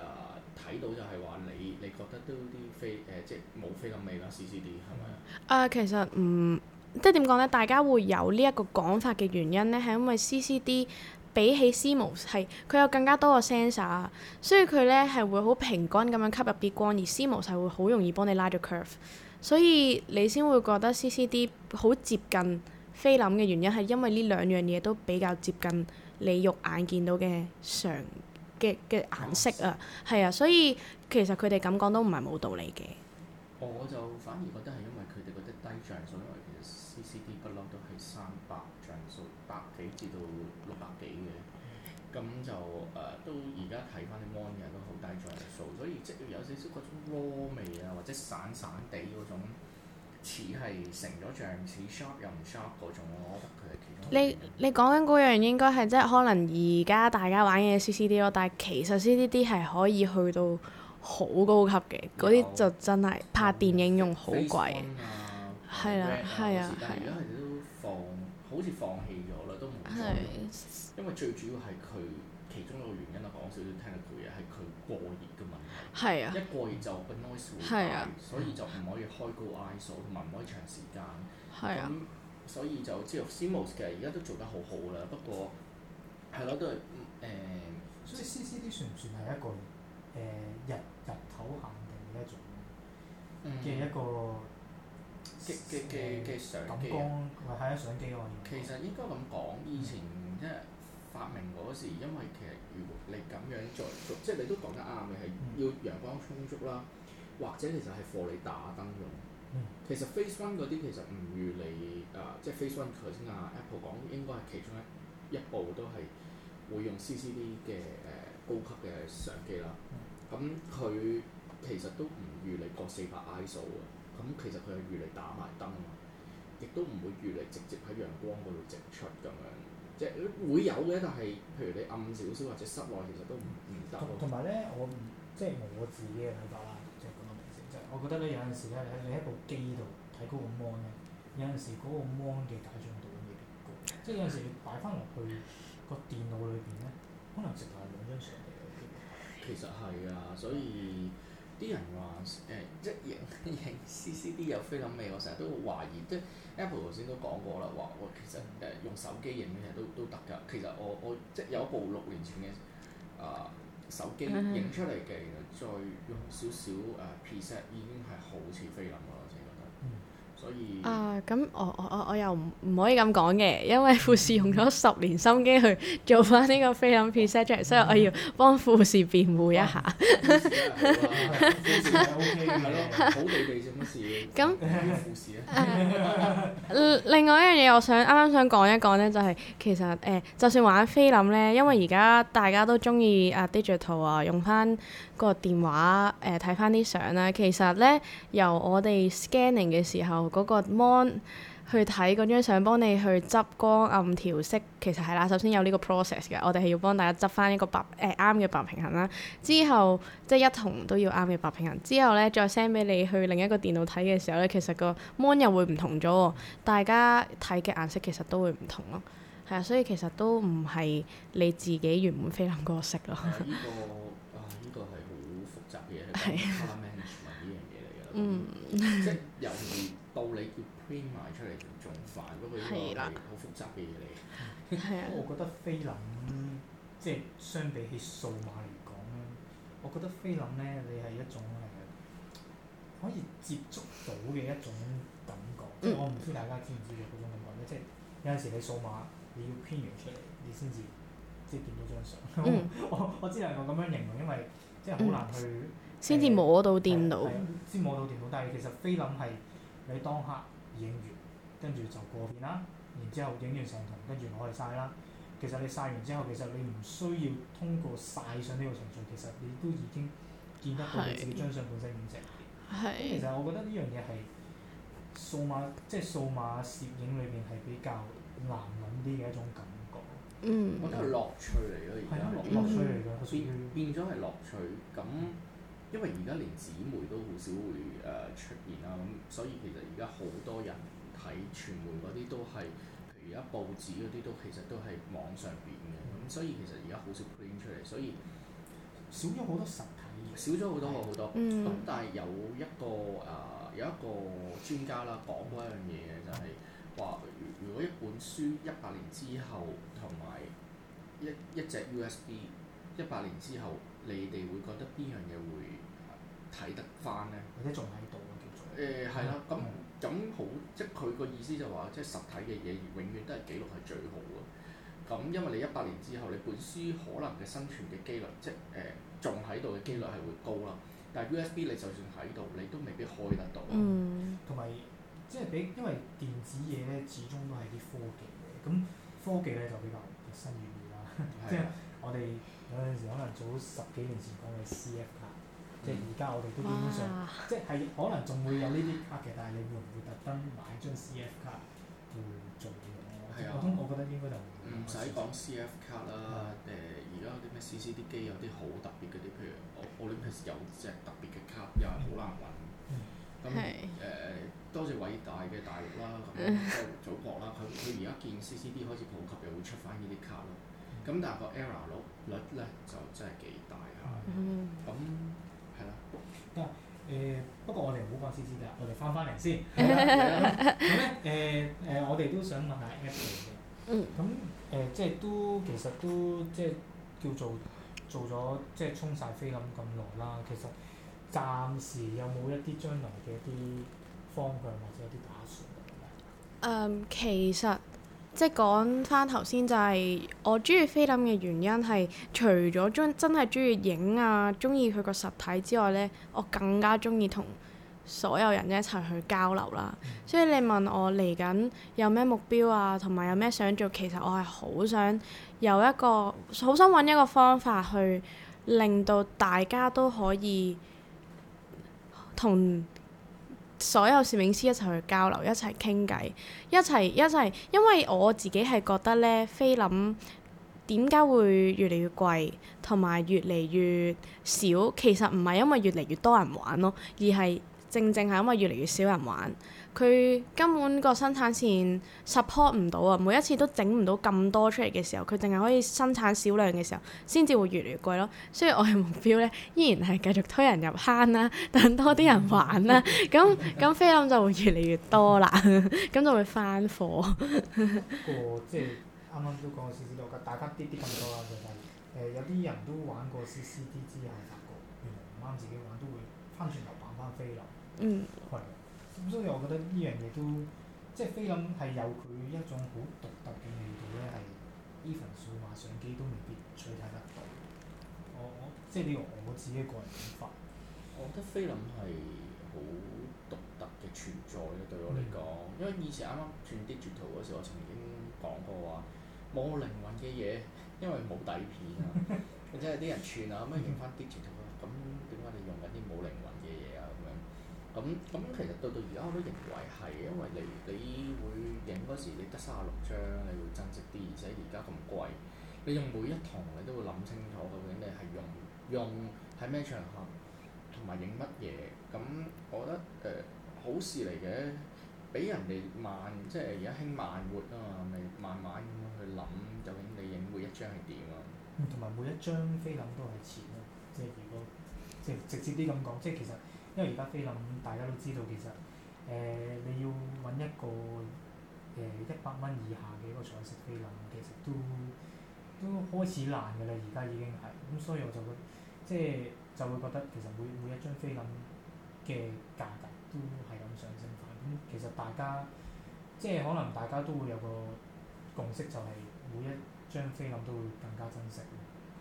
啊。呃睇到就係話你，你覺得都啲非誒、呃，即冇菲林味啦。CCD 係咪？啊、呃，其實唔、嗯、即係點講呢？大家會有呢一個講法嘅原因呢，係因為 CCD 比起 CMOS 係佢有更加多個 sensor，所以佢呢係會好平均咁樣吸入啲光，而 CMOS 係會好容易幫你拉咗 curve，所以你先會覺得 CCD 好接近菲林嘅原因係因為呢兩樣嘢都比較接近你肉眼見到嘅常。嘅嘅顏色啊，係啊、oh，所以其實佢哋咁講都唔係冇道理嘅。我就反而覺得係因為佢哋嗰啲低像素，因為其實 CCD 不嬲都係三百像素，百幾至到六百幾嘅。咁就誒、呃、都而家睇翻啲 Mon 嘅都好低像素，所以即要有少少嗰種 raw 味啊，或者散散地嗰種似係成咗像，似 sharp 又唔 sharp 嗰種，我覺得佢哋。你你講緊嗰樣應該係即係可能而家大家玩嘅 C C D 咯，但係其實 C C D 係可以去到好高級嘅，嗰啲就真係拍電影用，好貴。係啦，係啊，係。而家係都放，好似放棄咗啦，都唔用。因為最主要係佢其中一個原因啊，講少少聽佢嘅嘢係佢過熱嘅問題。係啊。一過熱就個 noise 會大，所以就唔可以開高 I 數同埋唔可以長時間。係啊。所以就之後 CMOS 其實而家都做得好好啦，不過係咯，都係誒。嗯欸、所以 CCD 算唔算係一個誒日日頭限定嘅一種？嘅一個激激嘅感光？唔係啊，相機其實應該咁講，以前即係發明嗰時，嗯、因為其實如果你咁樣做，即係你都講得啱，嘅，係要陽光充足啦，嗯、或者其實係放你打燈用。嗯、其實 FaceOne 嗰啲其實唔預你，誒、呃，即、就、係、是、FaceOne 佢先啊，Apple 講應該係其中一一部都係會用 CCD 嘅誒、呃、高級嘅相機啦。咁佢、嗯嗯、其實都唔預你過四百 ISO 啊，咁、嗯、其實佢係預你打埋燈啊，亦都唔會預你直接喺陽光嗰度直出咁樣。即、就、係、是、會有嘅，但係譬如你暗少少或者室內其實都唔得。同同埋咧，我即係、就是、我自己嘅睇法啦。我覺得咧，有陣時咧、啊，你喺部機度睇嗰個 mon 咧，有陣時嗰個 mon 嘅解像度都未必高，即係有陣時擺翻落去個電腦裏邊咧，可能直頭冇欣賞力嘅。其實係啊，所以啲人話誒一樣 CCD 非常有菲林味。我成日都懷疑，即係 Apple 頭先都講過啦，話我其實誒、呃、用手機影嘅都都得㗎。其實我我即係有一部六年前嘅啊。呃手機影出嚟嘅，然後再用少少誒 PS，已經係好似菲林啦。啊，咁、uh, 嗯、我我我又唔唔可以咁講嘅，因為富士用咗十年心機去做翻呢個菲林 p Z, 所以我要幫富士辯護一下。 *laughs* 啊、係咯、啊，好地、啊、咁另外一樣嘢，我想啱啱想講一講呢、就係，就係其實誒、呃，就算玩菲林呢，因為而家大家都中意啊 digital 啊，用翻個電話誒睇翻啲相啦。其實呢，由我哋 scanning 嘅時候。嗰個 mon 去睇嗰張相，幫你去執光暗調色，其實係啦，首先有呢個 process 嘅，我哋係要幫大家執翻一個白誒啱嘅白平衡啦，之後即係一同都要啱嘅白平衡，之後咧再 send 俾你去另一個電腦睇嘅時候咧，其實個 mon 又會唔同咗，大家睇嘅顏色其實都會唔同咯，係啊，所以其實都唔係你自己原本菲林嗰個色咯。呢、啊呢個啊係好複雜嘅嘢，係 *laughs* management 呢樣嘢嚟嘅嗯，即係由。道理叫 print 埋出嚟仲煩，不過呢個係好複雜嘅嘢嚟。係啦。 *laughs* 啊。我覺得菲林即係相比起數碼嚟講咧，我覺得菲林咧，你係一種誒、呃、可以接觸到嘅一種感覺。即係、嗯、我唔知大家知唔知道嗰種感覺咧，即係有陣時你數碼你要 print 完出嚟，你先至即係掂到張相。嗯。 *laughs* 我我之前我咁樣形容，因為即係好難去。先至、嗯呃、摸到掂到。先摸到掂到，但係其實菲林係。你當刻影完，跟住就過片啦，然之後影完成套，跟住攞去晒啦。其實你晒完之後，其實你唔需要通過晒上呢個程序，其實你都已經見得到你自己張相本身影成。係。其實我覺得呢樣嘢係數碼，即係數碼攝影裏邊係比較難諗啲嘅一種感覺。嗯。覺得係樂趣嚟咯，而係啊，樂趣嚟㗎，所以變咗係樂趣咁。因為而家連紙媒都好少會誒出現啦，咁所以其實而家好多人睇傳媒嗰啲都係，譬如而家報紙嗰啲都其實都係網上邊嘅，咁所以其實而家好少 print 出嚟，所以少咗好多實體少咗好多好多。咁、嗯、但係有一個誒、呃、有一個專家啦講過一樣嘢嘅就係、是、話，如果一本書一百年之後同埋一一隻 USB 一百年之後。你哋會覺得邊樣嘢會睇得翻咧？或者仲喺度叫做誒係啦，咁咁、呃、好，即係佢個意思就話，即係實體嘅嘢永遠都係記錄係最好嘅。咁因為你一百年之後，你本書可能嘅生存嘅機率，即係誒仲喺度嘅機率係會高啦。但係 USB 你就算喺度，你都未必開得到。嗯，同埋即係比因為電子嘢咧，始終都係啲科技嘢。咁科技咧就比較日新月異啦。係啊的， *laughs* 我哋。有陣時可能早十幾年前講嘅 CF 卡，即係而家我哋都基本上，哇即係可能仲會有呢啲卡嘅，嗯、但係你會唔會特登買張 CF 卡去做嘅？係啊、嗯，我覺得應該就唔使講 CF 卡啦。誒、嗯，而家啲咩 CCD 機有啲好特別嗰啲，譬如我 Olympus 有隻特別嘅卡，又係好難揾。咁誒，多謝偉大嘅大陸啦，咁嘅祖國啦。佢佢而家見 CCD 開始普及，又會出翻呢啲卡咯。咁但係個 error 率咧就真係幾大啊！咁係啦。但係、嗯嗯、不過我哋唔好講先先啦，我哋翻翻嚟先。咁咧誒誒，我哋都想問下 Apple 嘅。嗯。咁誒，即係、嗯嗯就是、都其實都即係、就是、叫做做咗即係沖曬飛咁咁耐啦。其實暫時有冇一啲將來嘅一啲方向或者一啲打算？誒、嗯，其實～即係講翻頭先，就係我中意菲林嘅原因係，除咗中真係中意影啊，中意佢個實體之外咧，我更加中意同所有人一齊去交流啦。所以你問我嚟緊有咩目標啊，同埋有咩想做，其實我係好想有一個，好想揾一個方法去令到大家都可以同。所有攝影師一齊去交流，一齊傾偈，一齊一齊，因為我自己係覺得咧，菲林點解會越嚟越貴，同埋越嚟越少，其實唔係因為越嚟越多人玩咯，而係。正正係因為越嚟越少人玩，佢根本個生產線 support 唔到啊！每一次都整唔到咁多出嚟嘅時候，佢淨係可以生產少量嘅時候，先至會越嚟越貴咯。所以我嘅目標咧，依然係繼續推人入坑啦，等多啲人玩啦。咁咁菲林就會越嚟越多啦，咁就會翻貨。個即係啱啱都講 CCD，大家啲啲咁多啦，誒有啲人都玩過 CCD 之後發覺唔啱自己玩，都會翻轉頭揼翻菲林。Mm. 嗯，係。咁所以我覺得呢樣嘢都，即係菲林係有佢一種好獨特嘅味道咧，係依份數碼相機都未必取代得到。我我即係呢個我自己個人諗法，我覺得菲林係好獨特嘅存在嘅，對我嚟講，因為以前啱啱轉 digital 嗰時我曾經講過話冇靈魂嘅嘢，因為冇底片啊，或者係啲人串啊，咁樣影翻啲 digital 啊，咁點解你用緊啲冇靈魂嘅嘢？咁咁、嗯、其實到到而家我都認為係，因為你你會影嗰時你得三十六張，你會增值啲，而且而家咁貴，你用每一筒你都會諗清楚，呃、慢慢究竟你係用用喺咩場合，同埋影乜嘢。咁我覺得誒好事嚟嘅，俾人哋慢，即係而家興慢活啊嘛，咪慢慢咁去諗究竟你影每一張係點啊。同埋、嗯、每一張菲林都係錢啊，即、就、係、是、如果即係、就是、直接啲咁講，即、就、係、是、其實。因為而家菲林大家都知道，其實誒、呃，你要揾一個誒一百蚊以下嘅一個彩色菲林其實都都開始難嘅啦。而家已經係咁、嗯，所以我就會即係、就是、就會覺得其實每每一張菲林嘅價格都係咁上升翻。咁、嗯、其實大家即係、就是、可能大家都會有個共識，就係、是、每一張菲林都會更加珍惜。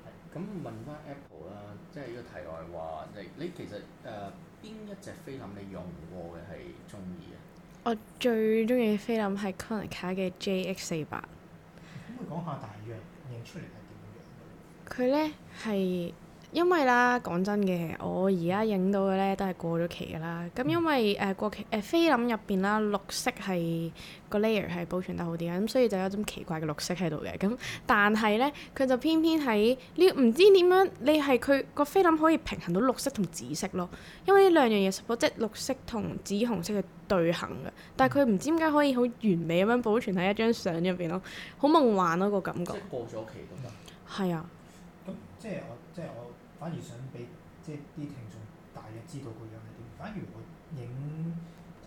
係咁，問翻 Apple 啦，即係呢個題外話，你你其實誒。呃邊一隻菲林你用過嘅係中意啊？我最中意嘅菲林係 Konica 嘅 JX 四八。咁你講下大約影出嚟係點樣樣嘅？佢咧係。因為啦，講真嘅，我而家影到嘅咧都係過咗期嘅啦。咁因為誒、呃、過期誒、呃、菲林入邊啦，綠色係、個 layer 係保存得好啲嘅，咁所以就有種奇怪嘅綠色喺度嘅。咁但係咧，佢就偏偏喺你唔知點樣，你係佢、個菲林可以平衡到綠色同紫色咯。因為呢兩樣嘢實質綠色同紫紅色嘅對恆嘅，但係佢唔知點解可以好完美咁樣保存喺一張相入邊咯，好夢幻咯、啊個感覺。過咗期咁啊！係啊！即係我，即係我，反而想俾即係啲聽眾大約知道個樣係點。反而我影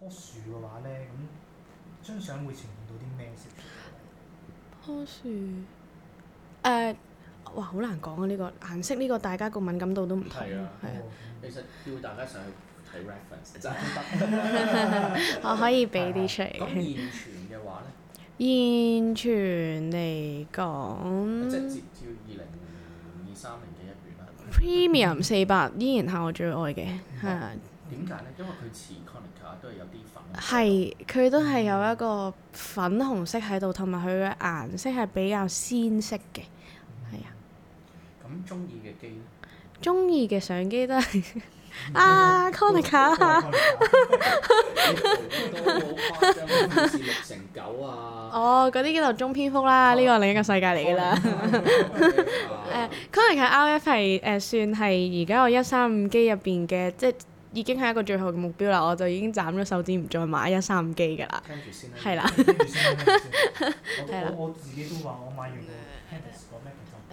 棵樹嘅話咧，咁張相會呈現到啲咩色？棵樹，誒、uh，哇，好難講啊！呢、這個顏色呢個大家個敏感度都唔同，係、嗯、啊。其實叫大家上去睇 reference 真係得我可以俾啲出嚟。 *laughs* 現存嘅話咧？現存嚟講，即係照二零。Premium 四百依然係我最愛嘅，吓、嗯？點解是呢？因為佢前 Konica 都係有啲粉，係佢都係有一個粉紅色喺度，同埋佢嘅顏色係比較鮮色嘅，係啊。咁中意嘅機咧？中意嘅相機都係。 *laughs* 啊，Konica 哈哈哈哈啊！ *laughs* 哦，嗰啲叫做中片幅啦，呢個另一個世界嚟㗎啦。 *laughs* 啊、Konica RF 係誒算係而家我一三五機入邊嘅，即係已經係一個最後嘅目標啦。我就已經斬咗手指，唔再買一三五機㗎啦。跟住先啦。係啦 *laughs* 先。係啦。 *laughs* 我自己都話我買完啦。冇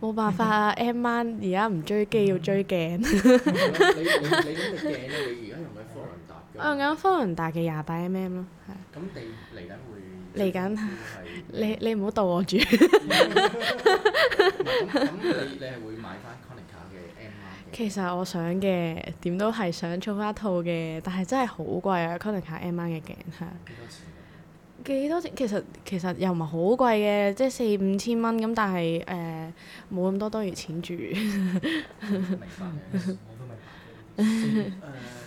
冇 *laughs* *laughs* 辦法啊 *laughs* ！M One 而家唔追機， *laughs* 要追鏡。 *laughs* 你你你咁追鏡咧？你而家用緊科倫達嘅？我用緊科倫達嘅廿八 mm 咯，咁地嚟緊會嚟緊。你你唔好倒我住，mm。咁你、就是、你係會買翻 Konica 嘅 M One？其實我想嘅點都係想儲翻一套嘅，但係真係好貴啊！Konica M One 嘅鏡哈。 *laughs* 幾多錢？其實其實又唔係好貴嘅，即係四五千蚊咁。但係誒，冇、呃、咁多多餘錢住。明㗎，我都明。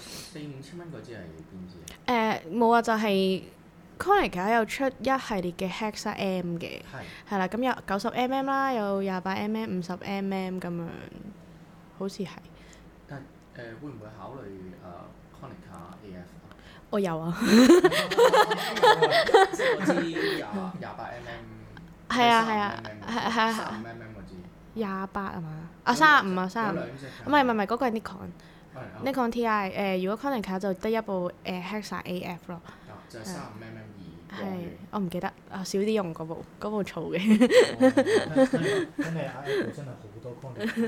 四五千蚊嗰支係邊支？冇啊， *laughs* 就係、是、Conica 有出一系列嘅 Hexa M 嘅，係啦的，咁有九十 mm 啦，有廿八 mm、五十 mm 咁樣，好似係。但誒、呃、會唔會考慮誒、呃、Conica AF？我有啊，我知廿廿八 mm，係啊係啊，係係三廿 mm 我知，廿八啊嘛，啊卅啊五啊卅啊五，唔係，唔係，唔係，嗰個係 Nikon，Nikon Ti 誒。如果 c o n 康寧卡就得一部誒，Hexar AF 咯，就係三廿五 mm 二，係我唔記得啊少啲用嗰部嗰部嘈嘅，咁你阿真係好多康寧嘅，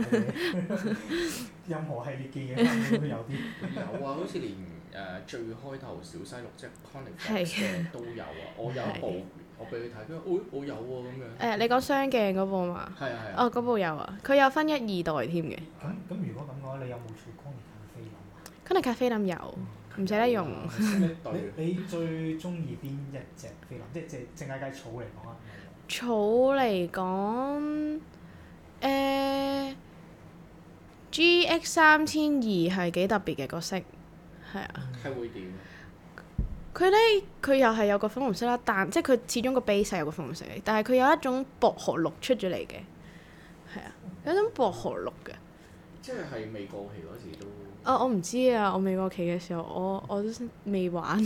任何系列機型都有啲有啊，好似連。誒最開頭小西六啫，Konica 都有啊！我有一部，我俾你睇，佢話：我有喎咁樣。誒，你講雙鏡嗰部嘛？係係。哦，嗰部有啊，佢有分一二代添嘅。咁咁，如果咁講，你有冇儲 Konica 菲林啊？Konica 菲林有，唔捨得用。你你最中意邊一隻菲林？即係淨淨係計草嚟講啊！草嚟講，誒，G X 三千二係幾特別嘅角色。係啊，佢會點？佢咧，佢又係有個粉紅色啦，但即係佢始終個 base 有個粉紅色，但係佢有一種薄荷綠出咗嚟嘅，係啊，有一種薄荷綠嘅、嗯。即係係未過期嗰時都。啊，我唔知啊，我未過期嘅時候，我我都未玩。 *laughs*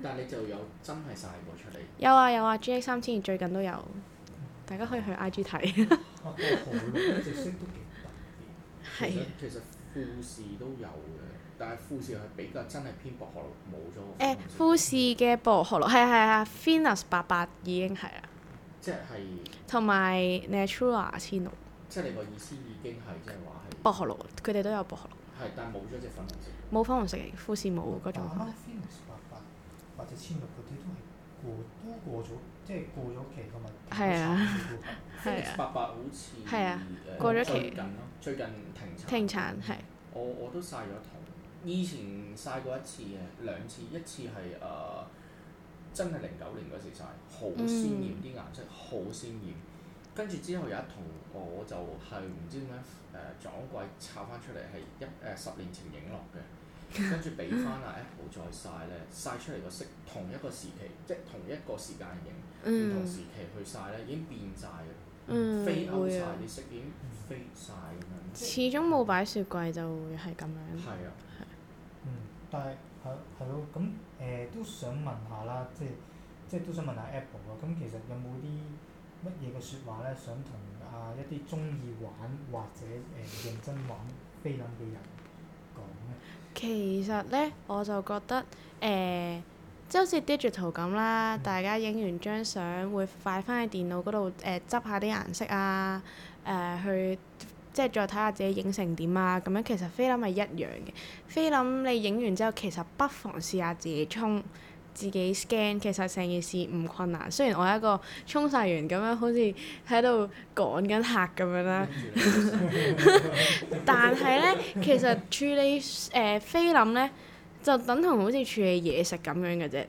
但係你就有真係晒過出嚟、 *laughs* 啊。有啊有啊，G A 三千二最近都有，大家可以去 I G 睇。薄荷綠嘅色都幾特 *laughs* 的其實。其實富士都有嘅，但係富士係比較真係偏薄荷綠，冇咗。誒、欸，富士嘅薄荷綠係啊，係啊 Finus 八八已經係啦。即係是。同埋 Natural 千六。即係你個意思已經係即係話係。就係、係薄荷綠，佢哋都有薄荷綠。係，但係冇咗隻粉紅色。冇粉紅色嘅，富士冇嗰種。啊 Finus 八八或者千六嗰啲都係。過都過咗，即係過咗期嘅嘛？題。係啊，即係八八好似。係啊。呃、過咗期最近。最近停產。停產止係。我我都晒咗一桶，以前晒過一次嘅，兩次，一次係誒、呃、真係零九年嗰時曬，好鮮豔啲、嗯、顏色艷，好鮮豔。跟住之後有一桶，我就係唔知點樣誒，撞鬼拆翻出嚟係一誒、呃、十年前影落嘅。跟住俾翻阿 Apple 再晒，咧，晒出嚟個色，同一個時期，即係同一個時間影，唔、嗯、同時期去晒，咧，已經變曬，嗯，飛暗曬啲色已經飛曬咁樣。始終冇擺雪櫃就會係咁樣。係啊的。係的。嗯，但係係係咯，咁、啊、誒、啊呃、都想問下啦，即係即係都想問下 Apple 啊，咁其實有冇啲乜嘢嘅説話咧，想同啊一啲中意玩或者誒、呃、認真,真玩菲林嘅人？其實咧，我就覺得誒，即、呃、好似 digital 咁啦，嗯、大家影完張相會快翻喺電腦嗰度誒，執、呃、下啲顏色啊，誒、呃、去即再睇下自己影成點啊，咁樣其實菲林係一樣嘅。菲林 *music* *music* 你影完之後，其實不妨試下自己沖。自己 scan 其實成件事唔困難，雖然我係一個沖曬完咁樣，好似喺度趕緊客咁樣啦。 *laughs* *laughs* 但係咧呢， *laughs* 其實處理誒、呃、菲林咧，就等同好似處理嘢食咁樣嘅啫。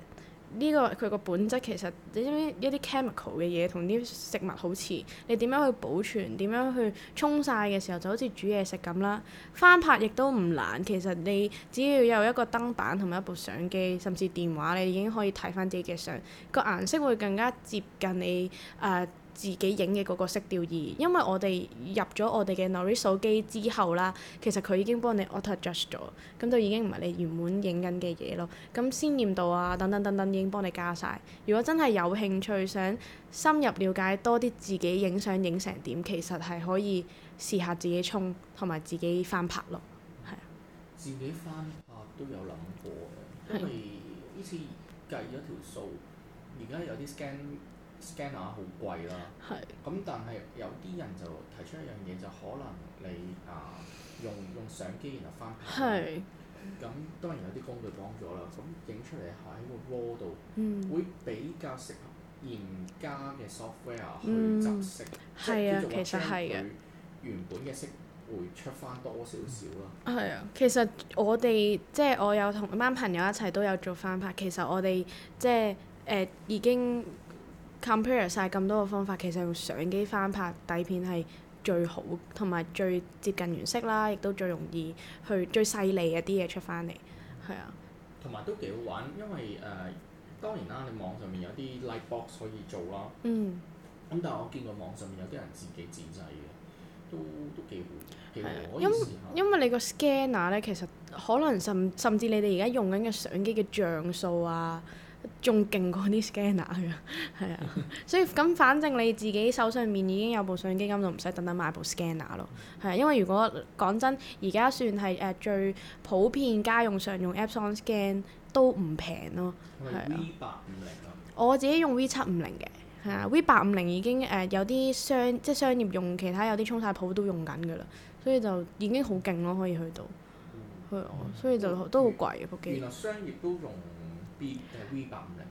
呢、這個佢個本質其實，你知唔知一啲 chemical 嘅嘢同啲食物好似？你點樣去保存？點樣去沖曬嘅時候，就好似煮嘢食咁啦。翻拍亦都唔難，其實你只要有一個燈板同埋一部相機，甚至電話，你已經可以睇翻自己嘅相。個顏色會更加接近你誒。呃自己影嘅嗰個色調，而因為我哋入咗我哋嘅 Nori 手機之後啦，其實佢已經幫你 auto adjust 咗，咁就已經唔係你原本影緊嘅嘢咯。咁鮮豔度啊，等等等等，已經幫你加晒。如果真係有興趣想深入了解多啲自己影相影成點，其實係可以試下自己沖同埋自己翻拍咯。係啊，自己翻拍都有諗過嘅，因為呢次計咗條數，而家有啲 scan。scanner 好貴啦，咁是、嗯、但係有啲人就提出一樣嘢，就可能你啊、呃、用用相機然後翻拍，咁是當然有啲工具幫助啦。咁、嗯、影出嚟喺個 RAW 度，會比較適合現家嘅 software 去執色，嗯、是啊，叫做話將佢原本嘅色會出翻多少少啦。係啊，其實我哋即係我有同一班朋友一齊都有做翻拍，其實我哋即係誒、呃、已經。已經 compare 晒咁多個方法，其實用相機翻拍底片係最好，同埋最接近原色啦，亦都最容易去最細膩嘅啲嘢出翻嚟。係啊，同埋都幾好玩，因為誒、呃、當然啦、啊，你網上面有啲 lightbox 可以做啦。嗯。咁但係我見過網上面有啲人自己自製嘅，都都幾好，其實可以試下。因因為你個 scanner 咧，其實可能甚甚至你哋而家用緊嘅相機嘅像素啊。仲勁過啲 scanner 㗎，係啊， *laughs* 所以咁反正你自己手上面已經有部相機，咁就唔使等等買部 scanner 咯，係啊，因為如果講真，而家算係誒、呃、最普遍家用上用 Epson Scan 都唔平咯，係啊，V 八五零啊我自己用 V 七五零嘅，係啊，V 八五零已經誒、呃、有啲商即商業用，其他有啲沖曬鋪都用緊㗎啦，所以就已經好勁咯，可以去到，去，所以就都好貴嘅部機。原來商業都用。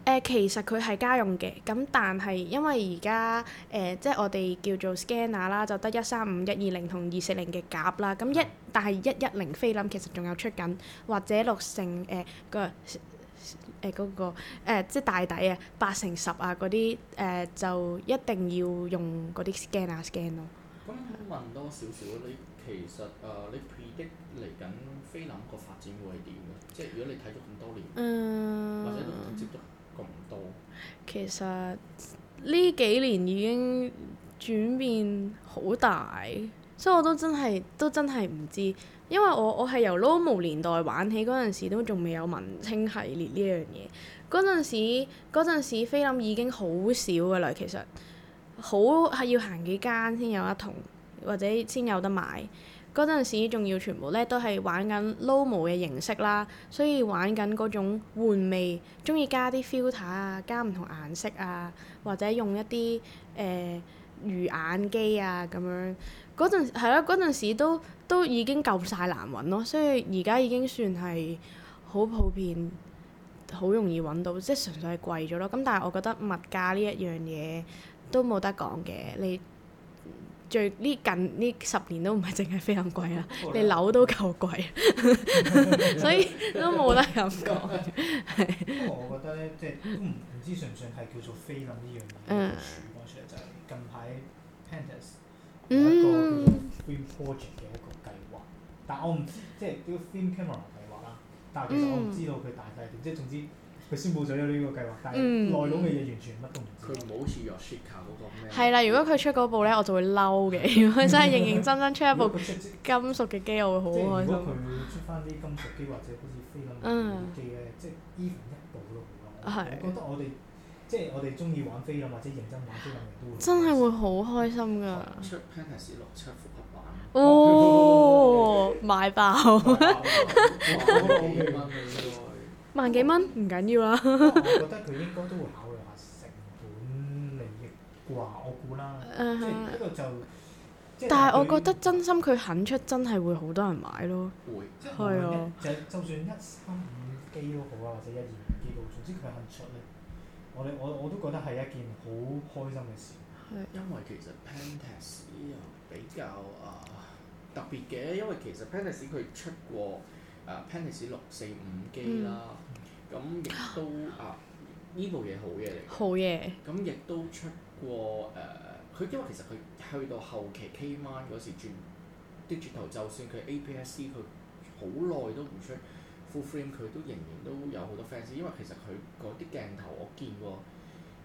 誒，其實佢係家用嘅，咁但係因為而家誒，即係我哋叫做 scanner 啦，就得一三五、一二零同二四零嘅夾啦，咁一但係一一零菲林其實仲有出緊，或者六成誒、呃嗰個誒嗰、嗰個、呃、即係大底啊八成十啊嗰啲誒就一定要用嗰啲 scanner scan 咯。咁問多少少你？其實誒，uh, 你 predict 嚟緊菲林個發展會係點嘅？即係如果你睇咗咁多年，uh, 或者你接觸咁多，其實呢幾年已經轉變好大，所以我都真係都真係唔知，因為我我係由 Lomo 年代玩起嗰陣時，都仲未有文青系列呢樣嘢。嗰陣時嗰陣時，菲林已經好少㗎喇，其實好係要行幾間先有一筒。或者先有得買嗰陣時，仲要全部咧都係玩緊 Lomo 嘅形式啦，所以玩緊嗰種換味，中意加啲 filter 啊，加唔同顏色啊，或者用一啲誒、呃、魚眼機啊咁樣嗰陣係咯，嗰陣時、啊、時都都已經夠晒難揾咯，所以而家已經算係好普遍，好容易揾到，即係純粹係貴咗咯。咁但係我覺得物價呢一樣嘢都冇得講嘅，你。最呢近呢十年都唔係淨係菲林貴啦， *laughs* 你樓都夠貴， *laughs* *laughs* 所以都冇得咁講。係、 *laughs* 嗯。不過 *laughs* 我覺得咧，即係都唔唔知算唔算係叫做菲林呢樣嘢嘅就係近排 Pentax 一個叫做 film project 嘅一個計劃。嗯、但係我唔知，即係叫個 film Camera 計劃啦，但係其實我唔知道佢大細點。即係總之。佢宣佈咗呢個計劃，但係內裏嘅嘢完全乜都唔知。佢唔好似若雪球嗰個咩？係啦，如果佢出嗰部咧，我就會嬲嘅。如果真係認認真真出一部金屬嘅機， *laughs* 我會好開心。即係如果佢出翻啲金屬機或者好似飛諗嘅古記嘅，即係 even 一部都唔錯。啊、我覺得我哋即係我哋中意玩飛啊，或者認真玩飛諗嘅都會真係會好開心㗎。出 Pentax 六七複合版哦，買爆！萬幾蚊唔緊要啦。我覺得佢應該都會考慮下成本利益啩， *laughs* 我估啦。誒、uh，即係呢個就。但係我覺得真心佢肯出，真係會好多人買咯。會。係啊的、嗯。就算一三五機都好啊，或者一二五機都好，總之佢肯出咧。我哋我我都覺得係一件好開心嘅事的因、呃。因為其實 Pentax 比較啊特別嘅，因為其實 Pentax 佢出過。誒 Pentax 六四五機啦，咁亦、uh, 嗯、都啊呢 *laughs* 部嘢好嘢嚟嘅，好嘢。咁亦都出過誒，佢、呃、因為其實佢去到後期 K-Mark 嗰時，轉啲轉頭就算佢 APS-C 佢好耐都唔出 Full Frame，佢都仍然都有好多 fans，因為其實佢嗰啲鏡頭我見過，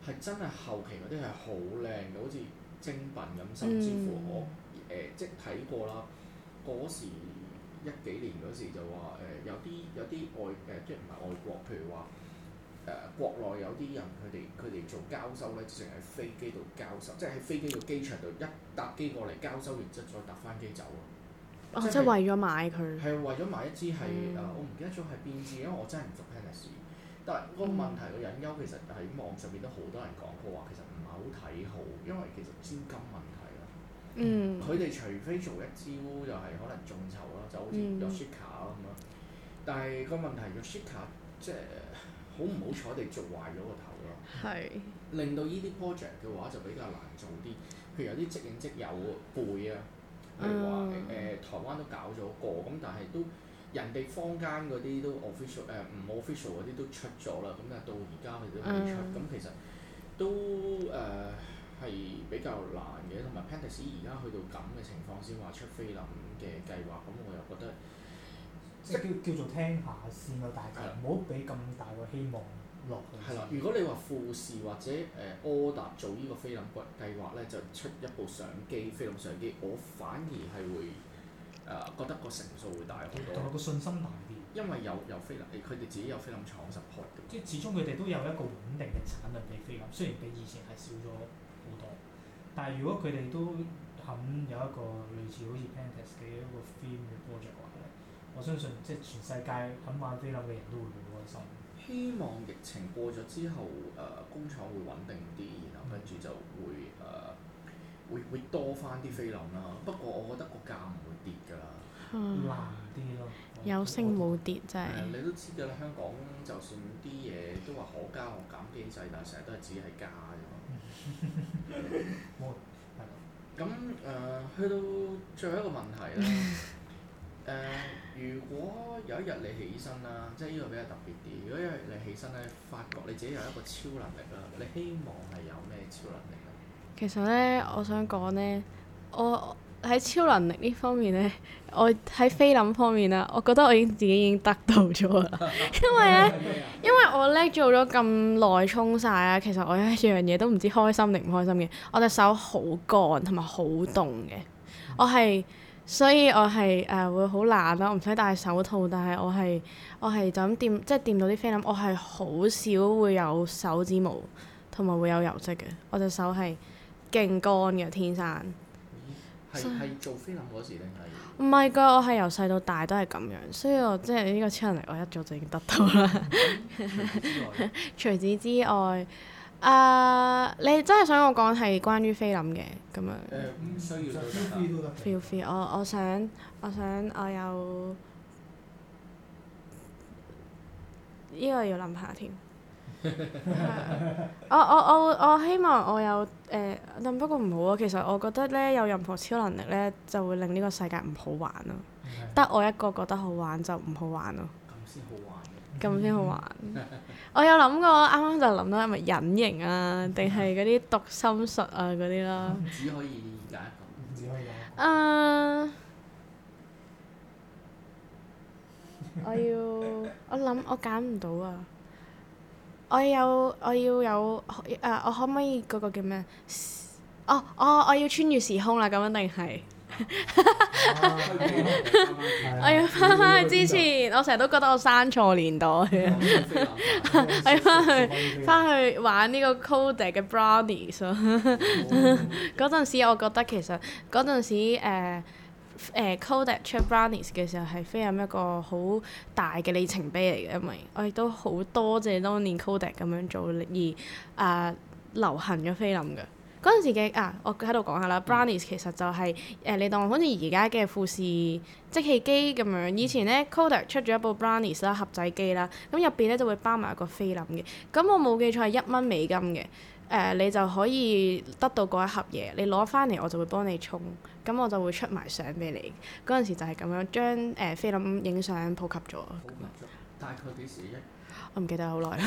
係真係後期嗰啲係好靚嘅，好似精品咁，甚至乎我誒、嗯呃、即係睇過啦嗰時。一幾年嗰時就話誒、呃、有啲有啲外誒、呃、即係唔係外國，譬如話誒、呃、國內有啲人佢哋佢哋做交收咧，直情喺飛機度交收，即係喺飛機嘅機場度一搭機過嚟交收，然之後再搭翻機走啊！哦，即係是為咗買佢係為咗買一支係誒，嗯、我唔記得咗係邊支，因為我真係唔熟。finance 但係個問題，個隱憂其實喺網上面都好多人講過話，其實唔係好睇好，因為其實資金問題。佢哋、嗯、除非做一招，就係、是、可能眾籌咯，就好似 Yashica 咁樣。嗯、但係個問題，Yashica 即係好唔好彩地做壞咗個頭咯，令到呢是啲 project 嘅話就比較難做啲。譬如有啲即影即有背啊，係話誒台灣都搞咗個，咁但係都人哋坊間嗰啲都 official 誒、呃、唔 official 嗰啲都出咗啦，咁但到而家佢都未出，咁、嗯、其實都誒。呃係比較難嘅，同埋、嗯、Panasonic 而家去到咁嘅情況先話出菲林嘅計劃，咁我又覺得即係叫叫做聽下先咯，了大家唔好俾咁大個希望落去。係啦，如果你話富士或者誒柯達做呢個菲林計計劃咧，就出一部相機菲林相機，我反而係會誒、呃、覺得個成數會大好多，同埋個信心大啲。因為有有菲林，佢哋自己有菲林廠 support 嘅，即係始終佢哋都有一個穩定嘅產量嘅菲林，雖然比以前係少咗。但係如果佢哋都肯有一個類似好似 Pentax 嘅一個 film 嘅 project 話咧，我相信即係全世界肯玩菲林嘅人都會好安心。希望疫情過咗之後，誒、呃、工廠會穩定啲，然後跟住就會誒、呃、會會多翻啲菲林啦。不過我覺得個價唔會跌㗎啦，嗯、難啲咯。有升冇跌就係、是呃。你都知㗎啦，香港就算啲嘢都話可加可減機制，但成日都係只係加啫。冇，係咯、 *laughs* 嗯。咁、嗯、誒，去到最後一個問題啦。誒、嗯，如果有一日你起身啦，即係呢個比較特別啲。如果一日你起身咧，發覺你自己有一個超能力啦，你希望係有咩超能力咧？其實咧，我想講咧，我。喺超能力呢方面呢，我喺菲林方面呢，我覺得我已經自己已經得到咗啦。 *laughs* 因為呢、啊，因為我咧做咗咁耐，沖晒啦，其實我一樣嘢都唔知開心定唔開心嘅。我隻手好乾同埋好凍嘅。我係，所以我係誒、呃、會好懶咯，唔使戴手套，但係我係我係就咁掂，即係掂到啲菲林。我係好少會有手指毛同埋會有油漬嘅。我隻手係勁乾嘅天生。係做菲林嗰時定係？唔係㗎，我係由細到大都係咁樣，所以我即係呢個超能力，我一早就已經得到啦。 *laughs* 除此之外，誒 *laughs* ，uh, 你真係想我講係關於菲林嘅咁樣？Feel feel，我我想我想，我，想我有呢個要諗下添。 *laughs* 我我我我希望我有誒、呃，但不過唔好啊。其實我覺得咧，有任何超能力咧，就會令呢個世界唔好玩咯、啊。得 Okay. 我一個覺得好玩就唔好玩咯、啊。咁先好玩、啊。 *laughs* 我有諗過，啱啱就諗到係咪隱形啊，定係嗰啲讀心術啊嗰啲咯。只可以揀一個，只可以揀一個。誒，我要我諗我揀唔到啊。我有我要有誒、啊，我可唔可以嗰個叫咩？哦，我我要穿越時空啦，咁樣定係？ *laughs* 我要翻去之前， *music* 我成日都覺得我生錯年代。 *laughs* 我要翻去翻去玩呢個 Kodak 嘅 Brownies。嗰 *laughs* 陣、哦、 *laughs* 時我覺得其實嗰陣時誒。Uh, 誒 Kodak 出 Brownies 嘅時候係菲林一個好大嘅里程碑嚟嘅，因為我亦都好多謝當年 Kodak 咁樣做而啊、呃、流行咗菲林嘅嗰陣時嘅啊，我喺度講下啦，Brownies 其實就係、是、誒、呃、你當好似而家嘅富士即棄機咁樣，以前呢 Kodak 出咗一部 Brownies 啦，盒仔機啦，咁入邊呢就會包埋一個菲林嘅，咁我冇記錯係一蚊美金嘅。誒、uh, 你就可以得到嗰一盒嘢，你攞翻嚟我就會幫你沖，咁我就會出埋相俾你。嗰陣時就係咁樣將誒菲林影相普及咗。普及咗，樣大概幾時一？我唔記得，好耐啦。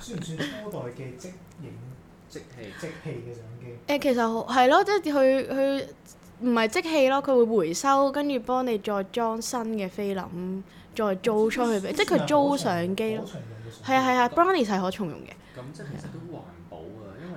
算唔算初代嘅即影 *laughs* 即氣即氣嘅相機？誒其實係咯，即係佢佢唔係即氣咯，佢會回收跟住幫你再裝新嘅菲林，再租出去俾，是即係佢租相機咯。可重用嘅相機。係啊係啊，Brownie 係可重用嘅。咁即係都還。嗯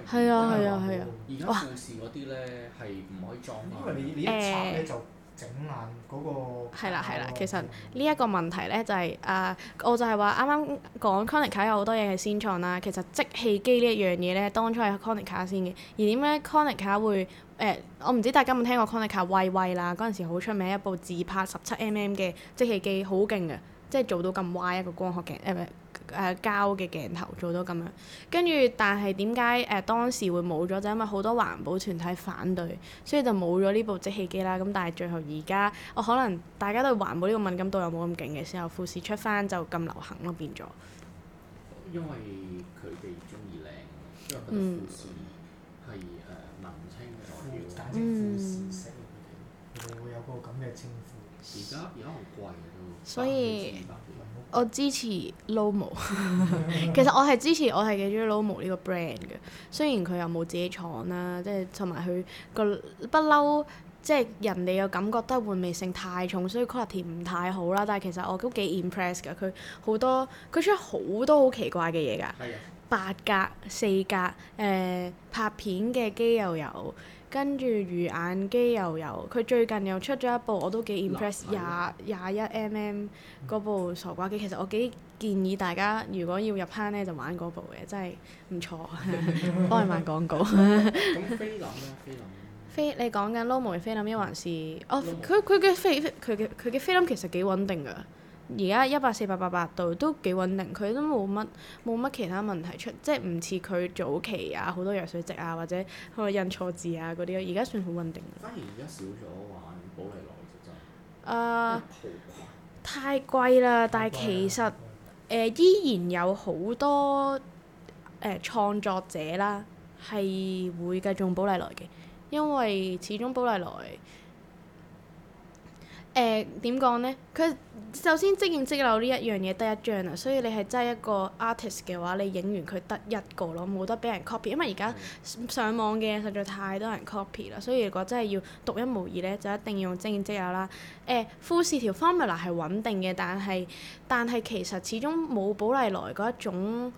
係啊係啊係啊！哇，故事嗰啲咧係唔可以裝，因為你你一拆咧就整爛嗰個。係啦係啦，其實呢一個問題咧就係、是、啊、呃，我就係話啱啱講 Konica 有好多嘢係先創啦，其實即棄機呢一樣嘢咧當初係 Konica 先嘅，而點解 Konica 會誒、呃，我唔知大家有冇聽過 Konica Wai Wai 啦，嗰陣時好出名一部自拍十七 mm 嘅即棄機好勁嘅，即係做到咁歪一個光學鏡誒。呃誒、呃、膠嘅鏡頭做到咁樣，跟住但係點解誒當時會冇咗就因為好多環保團體反對，所以就冇咗呢部即棄機啦。咁但係最後而家我可能大家對環保呢個敏感度又冇咁勁嘅時候，富士出翻就咁流行咯，變咗。因為佢哋中意靚，因為嗰啲富士係菲林嘅代表，佢有個咁嘅稱呼。而家而家好貴都。所以。我支持 Lomo， *laughs* 其實我係支持我係幾中意 Lomo 呢個 brand 嘅，雖然佢又冇自己廠啦、啊，即係同埋佢個不嬲，即係人哋又感覺得換味性太重，所以 quality 唔太好啦。但係其實我都幾 impress 㗎，佢好多佢出好多好奇怪嘅嘢㗎，八格、四格，誒、呃、拍片嘅機又有。跟住魚眼機又有，佢最近又出咗一部我都幾 impress，廿廿一 mm 嗰部傻瓜機，其實我幾建議大家如果要入坑咧就玩嗰部嘅，真係唔錯。 *laughs* 幫你賣廣告。咁菲林咧？菲林。菲，你講緊 Lomo 嘅菲林，一還是 OM 哦？佢佢嘅菲菲，佢嘅佢嘅菲林其實幾穩定㗎。而家一百四八八八度都幾穩定，佢都冇乜冇乜其他問題出，即係唔似佢早期啊好多藥水跡啊或者佢印錯字啊嗰啲，而家算好穩定。反而而家少咗玩寶麗來就。啊、太貴啦！但係其實誒、呃、依然有好多誒、呃、創作者啦，係會繼續用寶麗來嘅，因為始終寶麗來。誒點講咧？佢、呃、首先即影即有呢一樣嘢得一張啊，所以你係真係一個 artist 嘅話，你影完佢得一個咯，冇得俾人 copy，因為而家上網嘅實在太多人 copy 啦。所以如果真係要獨一無二咧，就一定要用即影即有啦。誒、呃，富士條 formula 係穩定嘅，但係但係其實始終冇寶麗來嗰一種。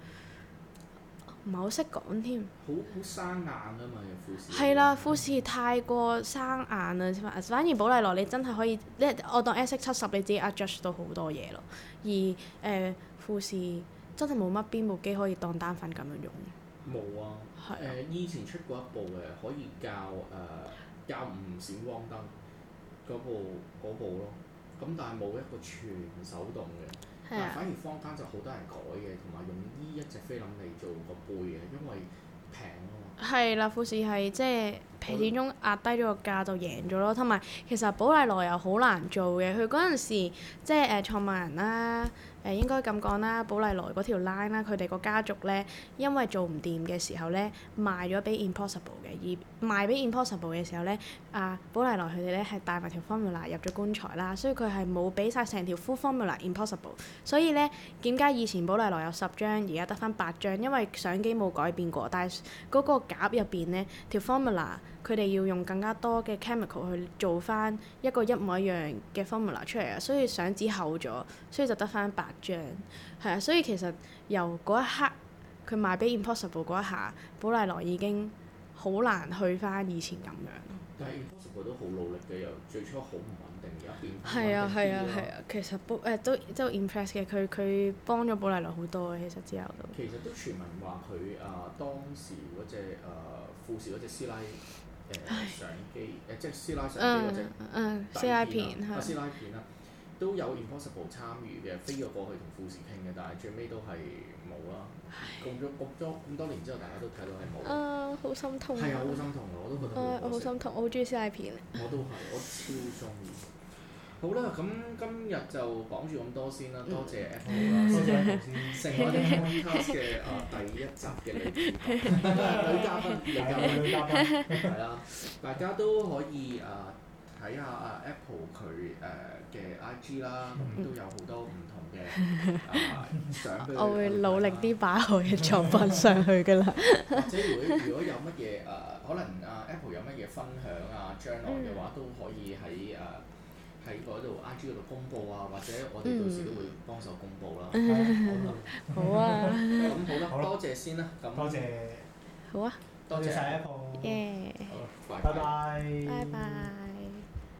唔係好識講添，好好生眼啊嘛！有富士係啦，富士太過生眼啦，相反而保麗來你真係可以，S 即係我當 S 七十你自己 adjust 到好多嘢咯。而誒、呃、富士真係冇乜邊部機可以當單反咁樣用。冇啊，誒、啊呃、以前出過一部嘅，可以較誒較唔閃光燈嗰部嗰部咯。咁但係冇一個全手動嘅。嗱，但反而坊間就好多人改嘅，同埋用呢一隻菲林嚟做個背嘅，因為平啊嘛。係啦，富士係即係。皮點中壓低咗個價就贏咗咯，同埋其實寶麗來又好難做嘅。佢嗰陣時即係誒、呃、創辦人啦、啊，誒、呃、應該咁講啦，寶麗來嗰條 line 啦、啊，佢哋個家族咧，因為做唔掂嘅時候咧，賣咗俾 Impossible 嘅，而賣俾 Impossible 嘅時候咧，啊寶麗來佢哋咧係帶埋條 formula 入咗棺材啦，所以佢係冇俾晒成條 full formula Impossible。所以咧，點解以前寶麗來有十張，而家得翻八張？因為相機冇改變過，但係嗰個夾入邊咧條 formula。佢哋要用更加多嘅 chemical 去做翻一個一模一樣嘅 formula 出嚟啊！所以相紙厚咗，所以就得翻八張係啊！所以其實由嗰一刻佢賣俾 Impossible 嗰一下，寶麗來已經好難去翻以前咁樣。但係 Impossible 都好努力嘅，由最初好唔穩定嘅一點。係啊係啊係啊，啊，其實 book 誒、呃、都 impress 嘅，佢佢幫咗寶麗來好多啊！其實之後都其實都傳聞話佢啊當時嗰、那、隻、個呃、富士嗰隻師奶。誒、嗯、相機，誒即係師奶相機嗰隻、嗯嗯，嗯嗯，師奶片係，啊師奶片啦，都有 Impossible 參與嘅，飛咗過，過去同富士傾嘅，但係最尾都係冇啦。唉，咁咗咁咗咁多年之後，大家都睇到係冇。啊，好心、啊、心痛。係啊，好心痛我都覺得、啊、我好心痛，我好中意師奶片。我都係，我超中意。好啦，咁今日就講住咁多先啦，多謝 Apple 啦、啊，多謝成個啲我哋嘅啊第一集嘅女、 *laughs* uh, 女嘉賓，女嘉賓，係、啊、啦， *laughs* 大家都可以啊睇下 App、嗯、啊 Apple 佢誒嘅 IG 啦，都有好多唔同嘅相。我會努力啲，把我嘅作品上去㗎啦。文化或者會如，如果有乜嘢誒，可能啊 Apple 有乜嘢分享啊，將來嘅話都可以喺誒。Uh, 喺度 IG 度公布啊，或者我哋到時都會幫手公布啦，嗯、好啊，咁好啦，多謝先啦，咁多謝，好啊，多謝曬，耶，yeah. 好，拜拜，拜拜。